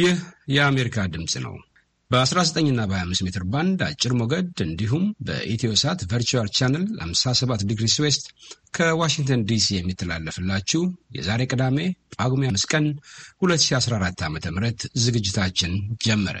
ይህ የአሜሪካ ድምፅ ነው። በ19 እና በ25 ሜትር ባንድ አጭር ሞገድ እንዲሁም በኢትዮሳት ቨርቹዋል ቻነል 57 ዲግሪ ዌስት ከዋሽንግተን ዲሲ የሚተላለፍላችሁ የዛሬ ቅዳሜ ጳጉሜ 5 ቀን 2014 ዓ ም ዝግጅታችን ጀመረ።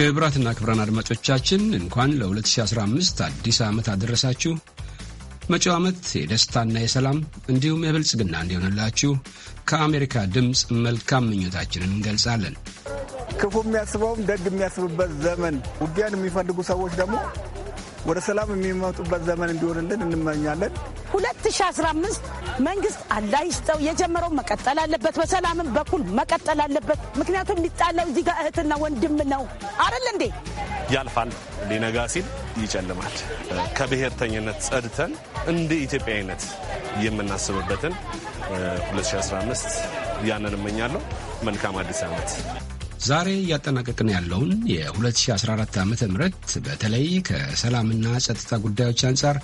ክብራትና ክብራን አድማጮቻችን እንኳን ለ2015 አዲስ ዓመት አደረሳችሁ። መጪው ዓመት የደስታና የሰላም እንዲሁም የብልጽግና እንዲሆንላችሁ ከአሜሪካ ድምፅ መልካም ምኞታችንን እንገልጻለን። ክፉ የሚያስበውም ደግ የሚያስብበት ዘመን ውጊያን የሚፈልጉ ሰዎች ደግሞ ወደ ሰላም የሚመጡበት ዘመን እንዲሆንልን እንመኛለን። 2015 መንግስት አላህ ይስጠው የጀመረው መቀጠል አለበት፣ በሰላምም በኩል መቀጠል አለበት። ምክንያቱም የሚጣላው እዚህ ጋር እህትና ወንድም ነው አይደል እንዴ? ያልፋል፣ ሊነጋ ሲል ይጨልማል። ከብሔርተኝነት ጸድተን እንደ ኢትዮጵያዊነት የምናስብበትን 2015 ያንን እመኛለሁ። መልካም አዲስ ዓመት። ዛሬ እያጠናቀቅን ያለውን የ2014 ዓ ም በተለይ ከሰላምና ጸጥታ ጉዳዮች አንጻር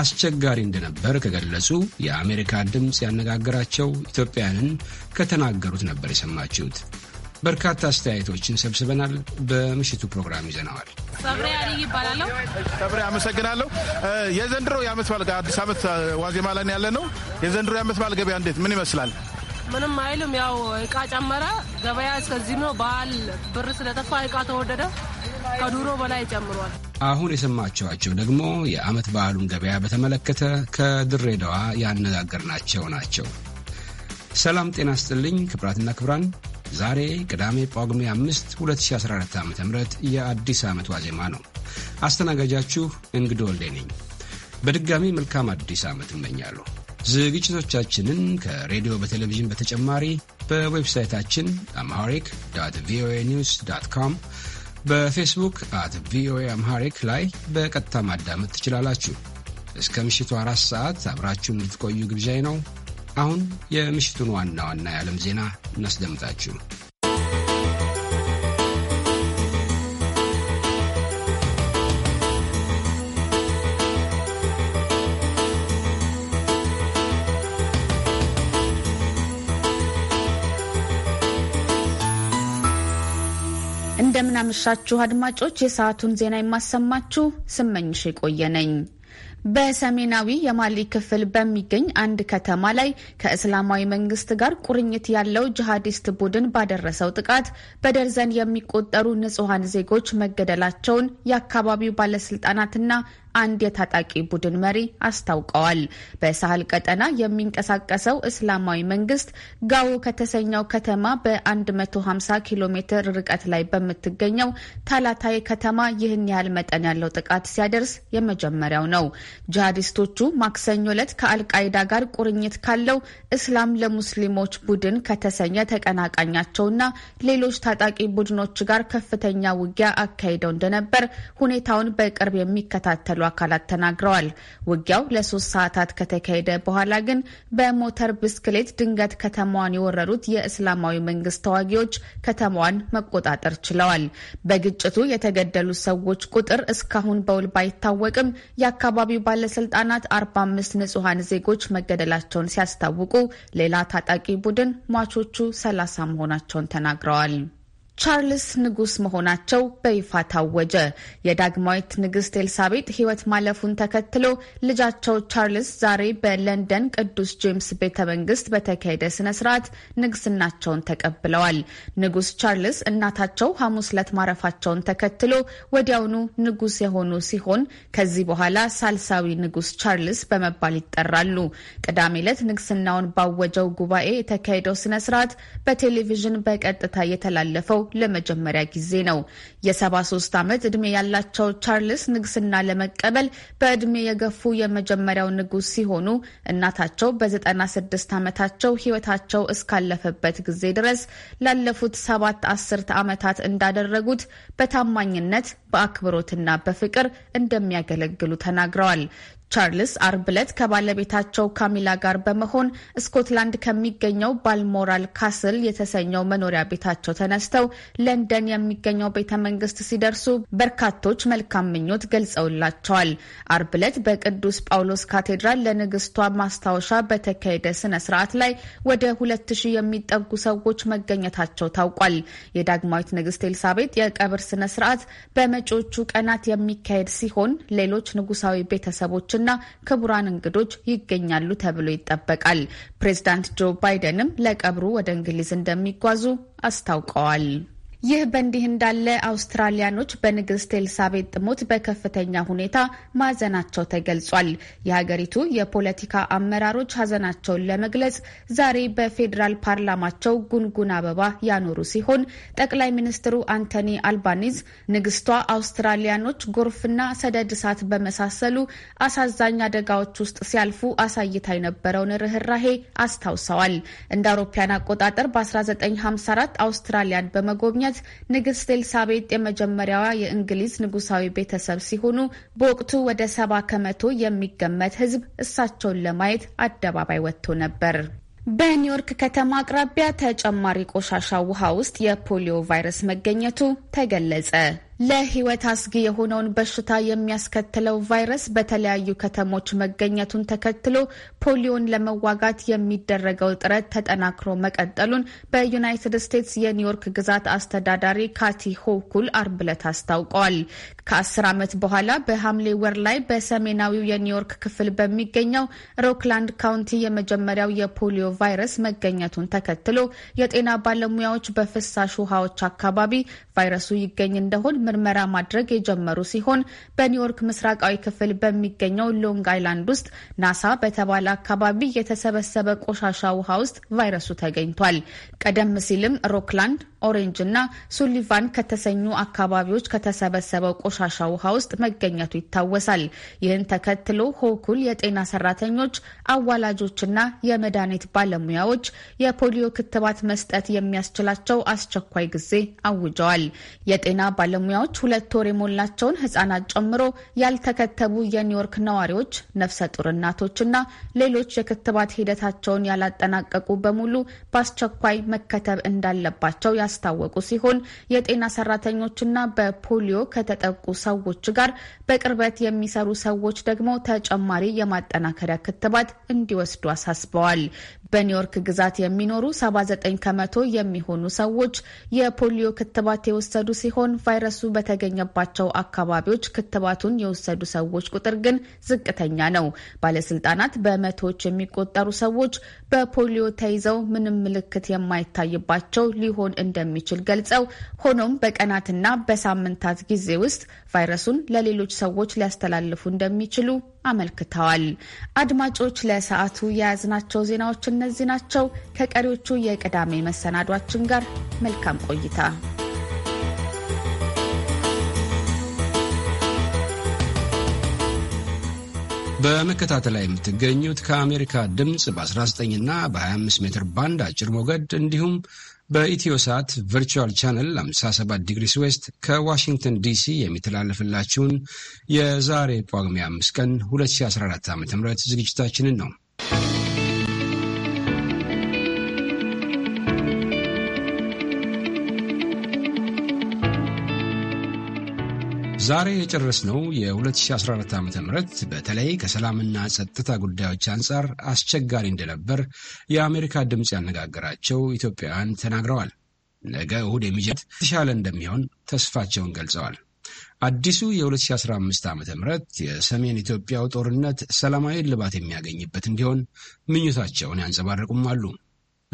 አስቸጋሪ እንደነበር ከገለጹ የአሜሪካ ድምፅ ያነጋገራቸው ኢትዮጵያውያንን ከተናገሩት ነበር የሰማችሁት። በርካታ አስተያየቶችን ሰብስበናል። በምሽቱ ፕሮግራም ይዘነዋል። ሰብሬ አልይ ይባላለሁ። ሰብሬ አመሰግናለሁ። የዘንድሮ የአመት በዓል አዲስ ዓመት ዋዜማ ላይ ያለ ነው። የዘንድሮ የአመት በዓል ገበያ እንዴት ምን ይመስላል? ምንም አይልም። ያው እቃ ጨመረ። ገበያ እስከዚህ ነው። በዓል ብር ስለጠፋ እቃ ተወደደ። ከዱሮ በላይ ጨምሯል። አሁን የሰማችኋቸው ደግሞ የዓመት በዓሉን ገበያ በተመለከተ ከድሬዳዋ ያነጋገርናቸው ናቸው። ሰላም ጤና ስጥልኝ ክብራትና ክብራን። ዛሬ ቅዳሜ ጳጉሜ 5 2014 ዓ ም የአዲስ ዓመት ዋዜማ ነው። አስተናጋጃችሁ እንግዶ ወልዴ ነኝ። በድጋሚ መልካም አዲስ ዓመት እመኛለሁ። ዝግጅቶቻችንን ከሬዲዮ በቴሌቪዥን በተጨማሪ በዌብሳይታችን አምሃሪክ ዳት ቪኦኤ ኒውስ ዳት ካም፣ በፌስቡክ አት ቪኦኤ አምሃሪክ ላይ በቀጥታ ማዳመጥ ትችላላችሁ። እስከ ምሽቱ አራት ሰዓት አብራችሁን ልትቆዩ ግብዣይ ነው። አሁን የምሽቱን ዋና ዋና የዓለም ዜና እናስደምጣችሁ። አመሻችሁ አድማጮች። የሰዓቱን ዜና የማሰማችሁ ስመኝሽ የቆየ ነኝ። በሰሜናዊ የማሊ ክፍል በሚገኝ አንድ ከተማ ላይ ከእስላማዊ መንግስት ጋር ቁርኝት ያለው ጂሃዲስት ቡድን ባደረሰው ጥቃት በደርዘን የሚቆጠሩ ንጹሐን ዜጎች መገደላቸውን የአካባቢው ባለስልጣናትና አንድ የታጣቂ ቡድን መሪ አስታውቀዋል። በሳህል ቀጠና የሚንቀሳቀሰው እስላማዊ መንግስት ጋው ከተሰኘው ከተማ በ150 ኪሎ ሜትር ርቀት ላይ በምትገኘው ታላታይ ከተማ ይህን ያህል መጠን ያለው ጥቃት ሲያደርስ የመጀመሪያው ነው። ጂሃዲስቶቹ ማክሰኞ ዕለት ከአልቃይዳ ጋር ቁርኝት ካለው እስላም ለሙስሊሞች ቡድን ከተሰኘ ተቀናቃኛቸውና ሌሎች ታጣቂ ቡድኖች ጋር ከፍተኛ ውጊያ አካሂደው እንደነበር ሁኔታውን በቅርብ የሚከታተሉ አካላት ተናግረዋል። ውጊያው ለሶስት ሰዓታት ከተካሄደ በኋላ ግን በሞተር ብስክሌት ድንገት ከተማዋን የወረሩት የእስላማዊ መንግስት ተዋጊዎች ከተማዋን መቆጣጠር ችለዋል። በግጭቱ የተገደሉ ሰዎች ቁጥር እስካሁን በውል ባይታወቅም የአካባቢው ባለስልጣናት አምስት ንጹሐን ዜጎች መገደላቸውን ሲያስታውቁ ሌላ ታጣቂ ቡድን ሟቾቹ ሰላሳ መሆናቸውን ተናግረዋል። ቻርልስ ንጉስ መሆናቸው በይፋ ታወጀ። የዳግማዊት ንግስት ኤልሳቤጥ ሕይወት ማለፉን ተከትሎ ልጃቸው ቻርልስ ዛሬ በለንደን ቅዱስ ጄምስ ቤተ መንግስት በተካሄደ ስነ ስርዓት ንግስናቸውን ተቀብለዋል። ንጉስ ቻርልስ እናታቸው ሐሙስ ዕለት ማረፋቸውን ተከትሎ ወዲያውኑ ንጉስ የሆኑ ሲሆን ከዚህ በኋላ ሳልሳዊ ንጉስ ቻርልስ በመባል ይጠራሉ። ቅዳሜ ዕለት ንግስናውን ባወጀው ጉባኤ የተካሄደው ስነ ስርዓት በቴሌቪዥን በቀጥታ የተላለፈው ለመጀመሪያ ጊዜ ነው። የ73 ዓመት ዕድሜ ያላቸው ቻርልስ ንግስና ለመቀበል በዕድሜ የገፉ የመጀመሪያው ንጉስ ሲሆኑ እናታቸው በ96 ዓመታቸው ህይወታቸው እስካለፈበት ጊዜ ድረስ ላለፉት ሰባት አስርት ዓመታት እንዳደረጉት በታማኝነት በአክብሮትና በፍቅር እንደሚያገለግሉ ተናግረዋል። ቻርልስ አርብ ዕለት ከባለቤታቸው ካሚላ ጋር በመሆን ስኮትላንድ ከሚገኘው ባልሞራል ካስል የተሰኘው መኖሪያ ቤታቸው ተነስተው ለንደን የሚገኘው ቤተ መንግስት ሲደርሱ በርካቶች መልካም ምኞት ገልጸውላቸዋል። አርብ ዕለት በቅዱስ ጳውሎስ ካቴድራል ለንግስቷ ማስታወሻ በተካሄደ ስነ ስርዓት ላይ ወደ ሁለት ሺህ የሚጠጉ ሰዎች መገኘታቸው ታውቋል። የዳግማዊት ንግስት ኤልሳቤጥ የቀብር ስነ ስርዓት በመጪዎቹ ቀናት የሚካሄድ ሲሆን ሌሎች ንጉሳዊ ቤተሰቦችን እና ክቡራን እንግዶች ይገኛሉ ተብሎ ይጠበቃል። ፕሬዚዳንት ጆ ባይደንም ለቀብሩ ወደ እንግሊዝ እንደሚጓዙ አስታውቀዋል። ይህ በእንዲህ እንዳለ አውስትራሊያኖች በንግሥት ኤልሳቤጥ ጥሞት በከፍተኛ ሁኔታ ማዘናቸው ተገልጿል። የሀገሪቱ የፖለቲካ አመራሮች ሀዘናቸውን ለመግለጽ ዛሬ በፌዴራል ፓርላማቸው ጉንጉን አበባ ያኖሩ ሲሆን ጠቅላይ ሚኒስትሩ አንቶኒ አልባኒዝ ንግስቷ አውስትራሊያኖች ጎርፍና ሰደድ እሳት በመሳሰሉ አሳዛኝ አደጋዎች ውስጥ ሲያልፉ አሳይታ የነበረውን ርኅራሄ አስታውሰዋል። እንደ አውሮፓያን አቆጣጠር በ1954 አውስትራሊያን በመጎብኘት አባላት ንግሥት ኤልሳቤጥ የመጀመሪያዋ የእንግሊዝ ንጉሳዊ ቤተሰብ ሲሆኑ በወቅቱ ወደ ሰባ ከመቶ የሚገመት ሕዝብ እሳቸውን ለማየት አደባባይ ወጥቶ ነበር። በኒውዮርክ ከተማ አቅራቢያ ተጨማሪ ቆሻሻ ውሃ ውስጥ የፖሊዮ ቫይረስ መገኘቱ ተገለጸ። ለሕይወት አስጊ የሆነውን በሽታ የሚያስከትለው ቫይረስ በተለያዩ ከተሞች መገኘቱን ተከትሎ ፖሊዮን ለመዋጋት የሚደረገው ጥረት ተጠናክሮ መቀጠሉን በዩናይትድ ስቴትስ የኒውዮርክ ግዛት አስተዳዳሪ ካቲ ሆኩል አርብ ዕለት አስታውቀዋል። ከአስር ዓመት በኋላ በሐምሌ ወር ላይ በሰሜናዊው የኒውዮርክ ክፍል በሚገኘው ሮክላንድ ካውንቲ የመጀመሪያው የፖሊዮ ቫይረስ መገኘቱን ተከትሎ የጤና ባለሙያዎች በፍሳሽ ውሃዎች አካባቢ ቫይረሱ ይገኝ እንደሆን ምርመራ ማድረግ የጀመሩ ሲሆን በኒውዮርክ ምስራቃዊ ክፍል በሚገኘው ሎንግ አይላንድ ውስጥ ናሳ በተባለ አካባቢ የተሰበሰበ ቆሻሻ ውሃ ውስጥ ቫይረሱ ተገኝቷል። ቀደም ሲልም ሮክላንድ፣ ኦሬንጅ እና ሱሊቫን ከተሰኙ አካባቢዎች ከተሰበሰበው ቆሻሻ ውሃ ውስጥ መገኘቱ ይታወሳል። ይህን ተከትሎ ሆኩል የጤና ሰራተኞች፣ አዋላጆችና የመድኃኒት ባለሙያዎች የፖሊዮ ክትባት መስጠት የሚያስችላቸው አስቸኳይ ጊዜ አውጀዋል። የጤና ባለሙያ ባለሙያዎች ሁለት ወር የሞላቸውን ህጻናት ጨምሮ ያልተከተቡ የኒውዮርክ ነዋሪዎች፣ ነፍሰ ጡር እና ሌሎች የክትባት ሂደታቸውን ያላጠናቀቁ በሙሉ በአስቸኳይ መከተብ እንዳለባቸው ያስታወቁ ሲሆን የጤና ሰራተኞችና በፖሊዮ ከተጠቁ ሰዎች ጋር በቅርበት የሚሰሩ ሰዎች ደግሞ ተጨማሪ የማጠናከሪያ ክትባት እንዲወስዱ አሳስበዋል። በኒውዮርክ ግዛት የሚኖሩ 79 ከመቶ የሚሆኑ ሰዎች የፖሊዮ ክትባት የወሰዱ ሲሆን ቫይረሱ ቫይረሱ በተገኘባቸው አካባቢዎች ክትባቱን የወሰዱ ሰዎች ቁጥር ግን ዝቅተኛ ነው። ባለስልጣናት በመቶዎች የሚቆጠሩ ሰዎች በፖሊዮ ተይዘው ምንም ምልክት የማይታይባቸው ሊሆን እንደሚችል ገልጸው ሆኖም በቀናትና በሳምንታት ጊዜ ውስጥ ቫይረሱን ለሌሎች ሰዎች ሊያስተላልፉ እንደሚችሉ አመልክተዋል። አድማጮች፣ ለሰዓቱ የያዝናቸው ዜናዎች እነዚህ ናቸው። ከቀሪዎቹ የቅዳሜ መሰናዷችን ጋር መልካም ቆይታ በመከታተል ላይ የምትገኙት ከአሜሪካ ድምፅ በ19 እና በ25 ሜትር ባንድ አጭር ሞገድ እንዲሁም በኢትዮ ሰዓት ቨርቹዋል ቻነል 57 ዲግሪስ ዌስት ከዋሽንግተን ዲሲ የሚተላለፍላችሁን የዛሬ ጳጉሜ 5 ቀን 2014 ዓ ም ዝግጅታችንን ነው። ዛሬ የጨረስነው የ2014 ዓ ም በተለይ ከሰላምና ጸጥታ ጉዳዮች አንጻር አስቸጋሪ እንደነበር የአሜሪካ ድምፅ ያነጋገራቸው ኢትዮጵያውያን ተናግረዋል። ነገ እሁድ የሚጀት የተሻለ እንደሚሆን ተስፋቸውን ገልጸዋል። አዲሱ የ2015 ዓ ም የሰሜን ኢትዮጵያው ጦርነት ሰላማዊ ልባት የሚያገኝበት እንዲሆን ምኞታቸውን ያንጸባርቁም አሉ።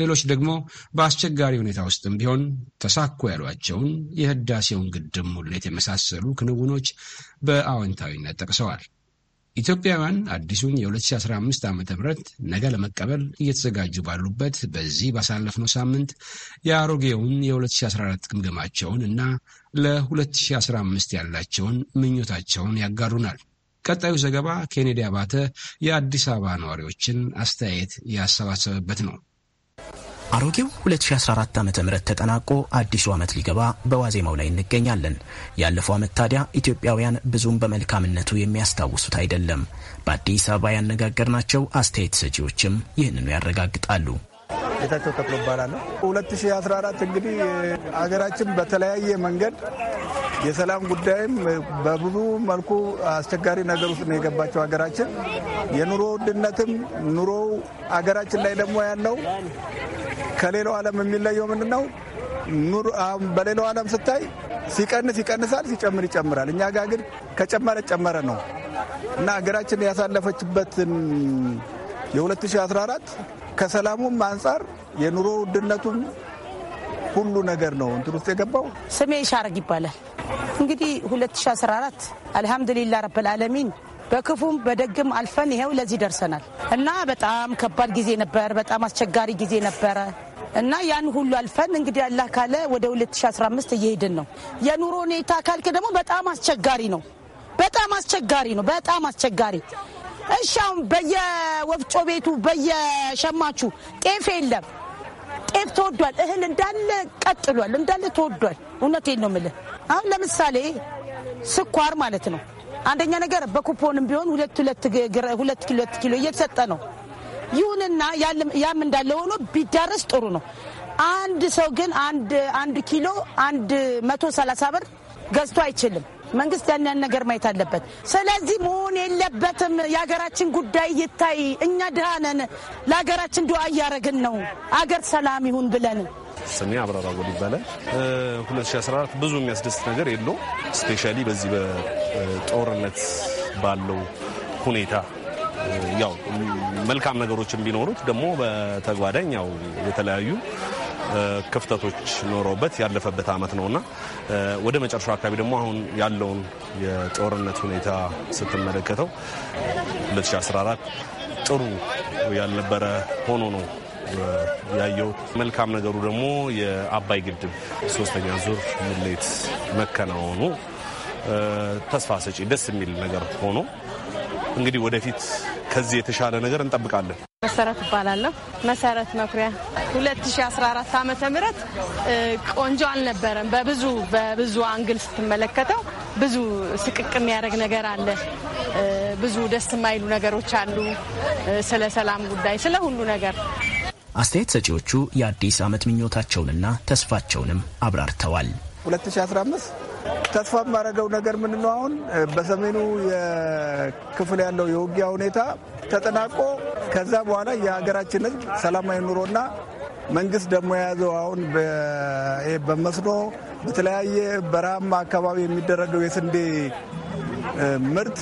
ሌሎች ደግሞ በአስቸጋሪ ሁኔታ ውስጥም ቢሆን ተሳኩ ያሏቸውን የህዳሴውን ግድብ ሙሌት የመሳሰሉ ክንውኖች በአዎንታዊነት ጠቅሰዋል። ኢትዮጵያውያን አዲሱን የ2015 ዓ ም ነገ ለመቀበል እየተዘጋጁ ባሉበት በዚህ ባሳለፍነው ሳምንት የአሮጌውን የ2014 ግምገማቸውን እና ለ2015 ያላቸውን ምኞታቸውን ያጋሩናል። ቀጣዩ ዘገባ ኬኔዲ አባተ የአዲስ አበባ ነዋሪዎችን አስተያየት ያሰባሰበበት ነው። አሮጌው 2014 ዓ ም ተጠናቆ አዲሱ ዓመት ሊገባ በዋዜማው ላይ እንገኛለን። ያለፈው ዓመት ታዲያ ኢትዮጵያውያን ብዙም በመልካምነቱ የሚያስታውሱት አይደለም። በአዲስ አበባ ያነጋገርናቸው አስተያየት ሰጪዎችም ይህንኑ ያረጋግጣሉ። ጌታቸው ተክሎ እባላለሁ። 2014 እንግዲህ አገራችን በተለያየ መንገድ የሰላም ጉዳይም በብዙ መልኩ አስቸጋሪ ነገር ውስጥ ነው የገባቸው ሀገራችን። የኑሮ ውድነትም ኑሮው አገራችን ላይ ደግሞ ያለው ከሌላው ዓለም የሚለየው ምንድን ነው? በሌላው ዓለም ስታይ ሲቀንስ ይቀንሳል፣ ሲጨምር ይጨምራል። እኛ ጋር ግን ከጨመረ ጨመረ ነው እና ሀገራችን ያሳለፈችበትን የ2014 ከሰላሙም አንጻር የኑሮ ውድነቱም ሁሉ ነገር ነው እንትን ውስጥ የገባው። ስሜ ሻረግ ይባላል። እንግዲህ 2014 አልሐምዱሊላ ረብል በክፉም በደግም አልፈን ይኸው ለዚህ ደርሰናል እና በጣም ከባድ ጊዜ ነበር። በጣም አስቸጋሪ ጊዜ ነበረ እና ያን ሁሉ አልፈን እንግዲህ አላህ ካለ ወደ 2015 እየሄድን ነው። የኑሮ ሁኔታ ካልክ ደግሞ በጣም አስቸጋሪ ነው። በጣም አስቸጋሪ ነው። በጣም አስቸጋሪ እሻውን በየወፍጮ ቤቱ በየሸማቹ ጤፍ የለም። ጤፍ ተወዷል። እህል እንዳለ ቀጥሏል፣ እንዳለ ተወዷል። እውነቴን ነው የምልህ። አሁን ለምሳሌ ስኳር ማለት ነው አንደኛ ነገር በኩፖንም ቢሆን ሁለት ሁለት ኪሎ ኪሎ እየተሰጠ ነው። ይሁንና ያም እንዳለ ሆኖ ቢዳረስ ጥሩ ነው። አንድ ሰው ግን አንድ ኪሎ አንድ መቶ ሰላሳ ብር ገዝቶ አይችልም። መንግስት ያን ያን ነገር ማየት አለበት። ስለዚህ መሆን የለበትም። የሀገራችን ጉዳይ ይታይ። እኛ ድሃ ነን። ለሀገራችን ድዋ እያደረግን ነው። አገር ሰላም ይሁን ብለን ስሜ አብራራ ጎል ይባላል። 2014 ብዙ የሚያስደስት ነገር የለው ስፔሻሊ በዚህ በጦርነት ባለው ሁኔታ ያው መልካም ነገሮችን ቢኖሩት ደግሞ በተጓዳኝ ያው የተለያዩ ክፍተቶች ኖረውበት ያለፈበት አመት ነውና ወደ መጨረሻው አካባቢ ደግሞ አሁን ያለውን የጦርነት ሁኔታ ስትመለከተው 2014 ጥሩ ያልነበረ ሆኖ ነው ያየው። መልካም ነገሩ ደግሞ የአባይ ግድብ ሶስተኛ ዙር ሙሌት መከናወኑ ተስፋ ሰጪ ደስ የሚል ነገር ሆኖ እንግዲህ ወደፊት ከዚህ የተሻለ ነገር እንጠብቃለን። መሰረት እባላለሁ። መሰረት መኩሪያ 2014 ዓመተ ምህረት ቆንጆ አልነበረም። በብዙ በብዙ አንግል ስትመለከተው ብዙ ስቅቅ የሚያደርግ ነገር አለ። ብዙ ደስ የማይሉ ነገሮች አሉ። ስለ ሰላም ጉዳይ፣ ስለ ሁሉ ነገር አስተያየት ሰጪዎቹ የአዲስ ዓመት ምኞታቸውንና ተስፋቸውንም አብራርተዋል። 2015 ተስፋ የማደርገው ነገር ምን ነው? አሁን በሰሜኑ ክፍል ያለው የውጊያ ሁኔታ ተጠናቆ ከዛ በኋላ የሀገራችን ሕዝብ ሰላማዊ ኑሮና መንግስት ደግሞ የያዘው አሁን በመስኖ በተለያየ በረሃማ አካባቢ የሚደረገው የስንዴ ምርት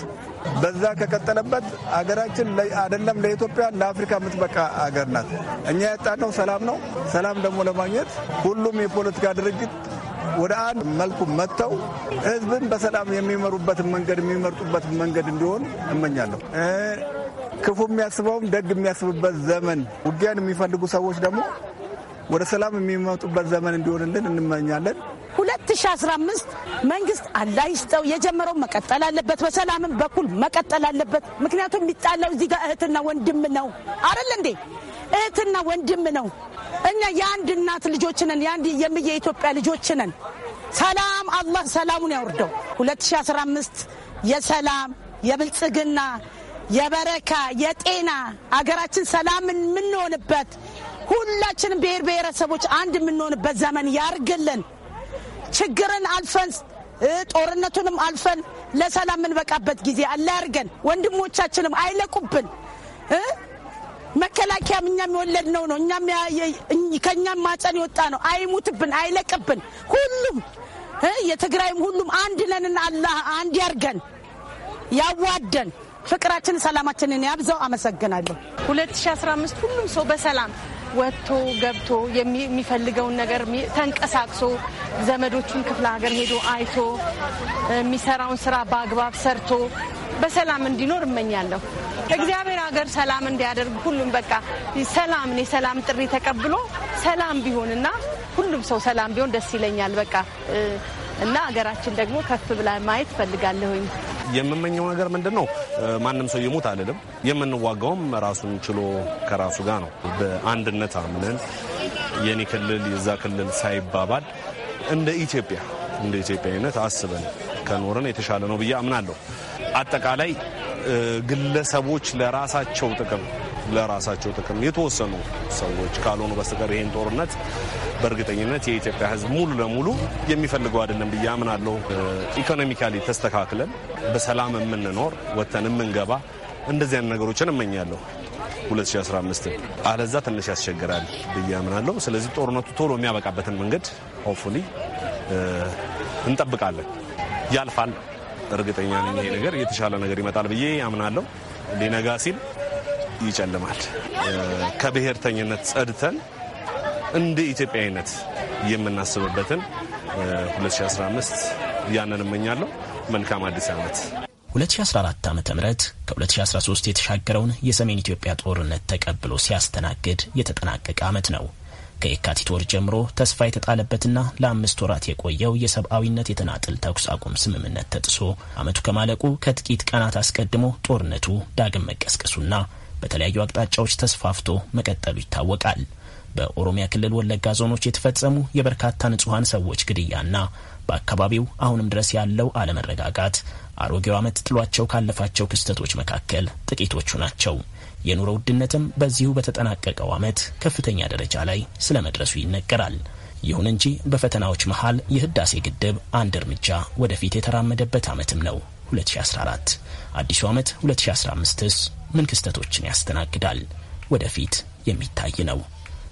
በዛ ከቀጠለበት አገራችን አይደለም ለኢትዮጵያ ለአፍሪካ የምትበቃ አገር ናት። እኛ ያጣነው ሰላም ነው። ሰላም ደግሞ ለማግኘት ሁሉም የፖለቲካ ድርጅት ወደ አንድ መልኩ መጥተው ህዝብን በሰላም የሚመሩበትን መንገድ የሚመርጡበት መንገድ እንዲሆን እመኛለሁ። ክፉ የሚያስበውም ደግ የሚያስብበት ዘመን፣ ውጊያን የሚፈልጉ ሰዎች ደግሞ ወደ ሰላም የሚመጡበት ዘመን እንዲሆንልን እንመኛለን። 2015 መንግስት አላይስጠው የጀመረው መቀጠል አለበት። በሰላምም በኩል መቀጠል አለበት። ምክንያቱም የሚጣላው እዚህ ጋር እህትና ወንድም ነው አይደል እንዴ? እህትና ወንድም ነው። እኛ የአንድ እናት ልጆች ነን። የአንድ የምየ የኢትዮጵያ ልጆች ነን። ሰላም አላህ ሰላሙን ያውርደው። 2015 የሰላም የብልጽግና የበረካ የጤና አገራችን ሰላም የምንሆንበት ሁላችንም ብሔር ብሔረሰቦች አንድ የምንሆንበት ዘመን ያርግልን። ችግርን አልፈን ጦርነቱንም አልፈን ለሰላም የምንበቃበት ጊዜ አላ ያርገን። ወንድሞቻችንም አይለቁብን። መከላከያም እኛም የወለድ ነው ነው እኛም ከእኛም ማፀን የወጣ ነው። አይሙትብን፣ አይለቅብን። ሁሉም የትግራይም ሁሉም አንድ ነንና አላህ አንድ ያርገን፣ ያዋደን፣ ፍቅራችን ሰላማችንን ያብዛው። አመሰግናለሁ። 2015 ሁሉም ሰው በሰላም ወጥቶ ገብቶ የሚፈልገውን ነገር ተንቀሳቅሶ ዘመዶቹን ክፍለ ሀገር ሄዶ አይቶ የሚሰራውን ስራ በአግባብ ሰርቶ በሰላም እንዲኖር እመኛለሁ። እግዚአብሔር ሀገር ሰላም እንዲያደርግ ሁሉም በቃ ሰላምን የሰላም ጥሪ ተቀብሎ ሰላም ቢሆንና ሁሉም ሰው ሰላም ቢሆን ደስ ይለኛል። በቃ እና ሀገራችን ደግሞ ከፍ ብላ ማየት ፈልጋለሁኝ። የምመኘው ነገር ምንድን ነው? ማንም ሰው ይሙት አልልም። የምንዋጋውም ራሱን ችሎ ከራሱ ጋር ነው። በአንድነት አምነን የኔ ክልል የዛ ክልል ሳይባባል እንደ ኢትዮጵያ እንደ ኢትዮጵያዊነት አስበን ከኖርን የተሻለ ነው ብዬ አምናለሁ። አጠቃላይ ግለሰቦች ለራሳቸው ጥቅም ለራሳቸው ጥቅም የተወሰኑ ሰዎች ካልሆኑ በስተቀር ይህን ጦርነት በእርግጠኝነት የኢትዮጵያ ሕዝብ ሙሉ ለሙሉ የሚፈልገው አይደለም ብዬ አምናለሁ። ኢኮኖሚካሊ ተስተካክለን በሰላም የምንኖር ወጥተን የምንገባ እንደዚህ አይነት ነገሮችን እመኛለሁ 2015 አለዛ ትንሽ ያስቸግራል ብዬ አምናለሁ። ስለዚህ ጦርነቱ ቶሎ የሚያበቃበትን መንገድ ሆፕፉሊ እንጠብቃለን። ያልፋል፣ እርግጠኛ ነኝ። ይሄ ነገር የተሻለ ነገር ይመጣል ብዬ አምናለሁ። ሊነጋ ሲል ይጨልማል። ከብሔርተኝነት ጸድተን እንደ ኢትዮጵያዊነት የምናስብበትን 2015 ያንን እመኛለሁ። መልካም አዲስ ዓመት። 2014 ዓ ም ከ2013 የተሻገረውን የሰሜን ኢትዮጵያ ጦርነት ተቀብሎ ሲያስተናግድ የተጠናቀቀ ዓመት ነው። ከየካቲት ወር ጀምሮ ተስፋ የተጣለበትና ለአምስት ወራት የቆየው የሰብአዊነት የተናጥል ተኩስ አቁም ስምምነት ተጥሶ አመቱ ከማለቁ ከጥቂት ቀናት አስቀድሞ ጦርነቱ ዳግም መቀስቀሱና በተለያዩ አቅጣጫዎች ተስፋፍቶ መቀጠሉ ይታወቃል። በኦሮሚያ ክልል ወለጋ ዞኖች የተፈጸሙ የበርካታ ንጹሐን ሰዎች ግድያና በአካባቢው አሁንም ድረስ ያለው አለመረጋጋት አሮጌው ዓመት ጥሏቸው ካለፋቸው ክስተቶች መካከል ጥቂቶቹ ናቸው። የኑሮ ውድነትም በዚሁ በተጠናቀቀው ዓመት ከፍተኛ ደረጃ ላይ ስለመድረሱ ይነገራል። ይሁን እንጂ በፈተናዎች መሀል የህዳሴ ግድብ አንድ እርምጃ ወደፊት የተራመደበት ዓመትም ነው 2014። አዲሱ ዓመት 2015ስ ምን ክስተቶችን ያስተናግዳል? ወደፊት የሚታይ ነው።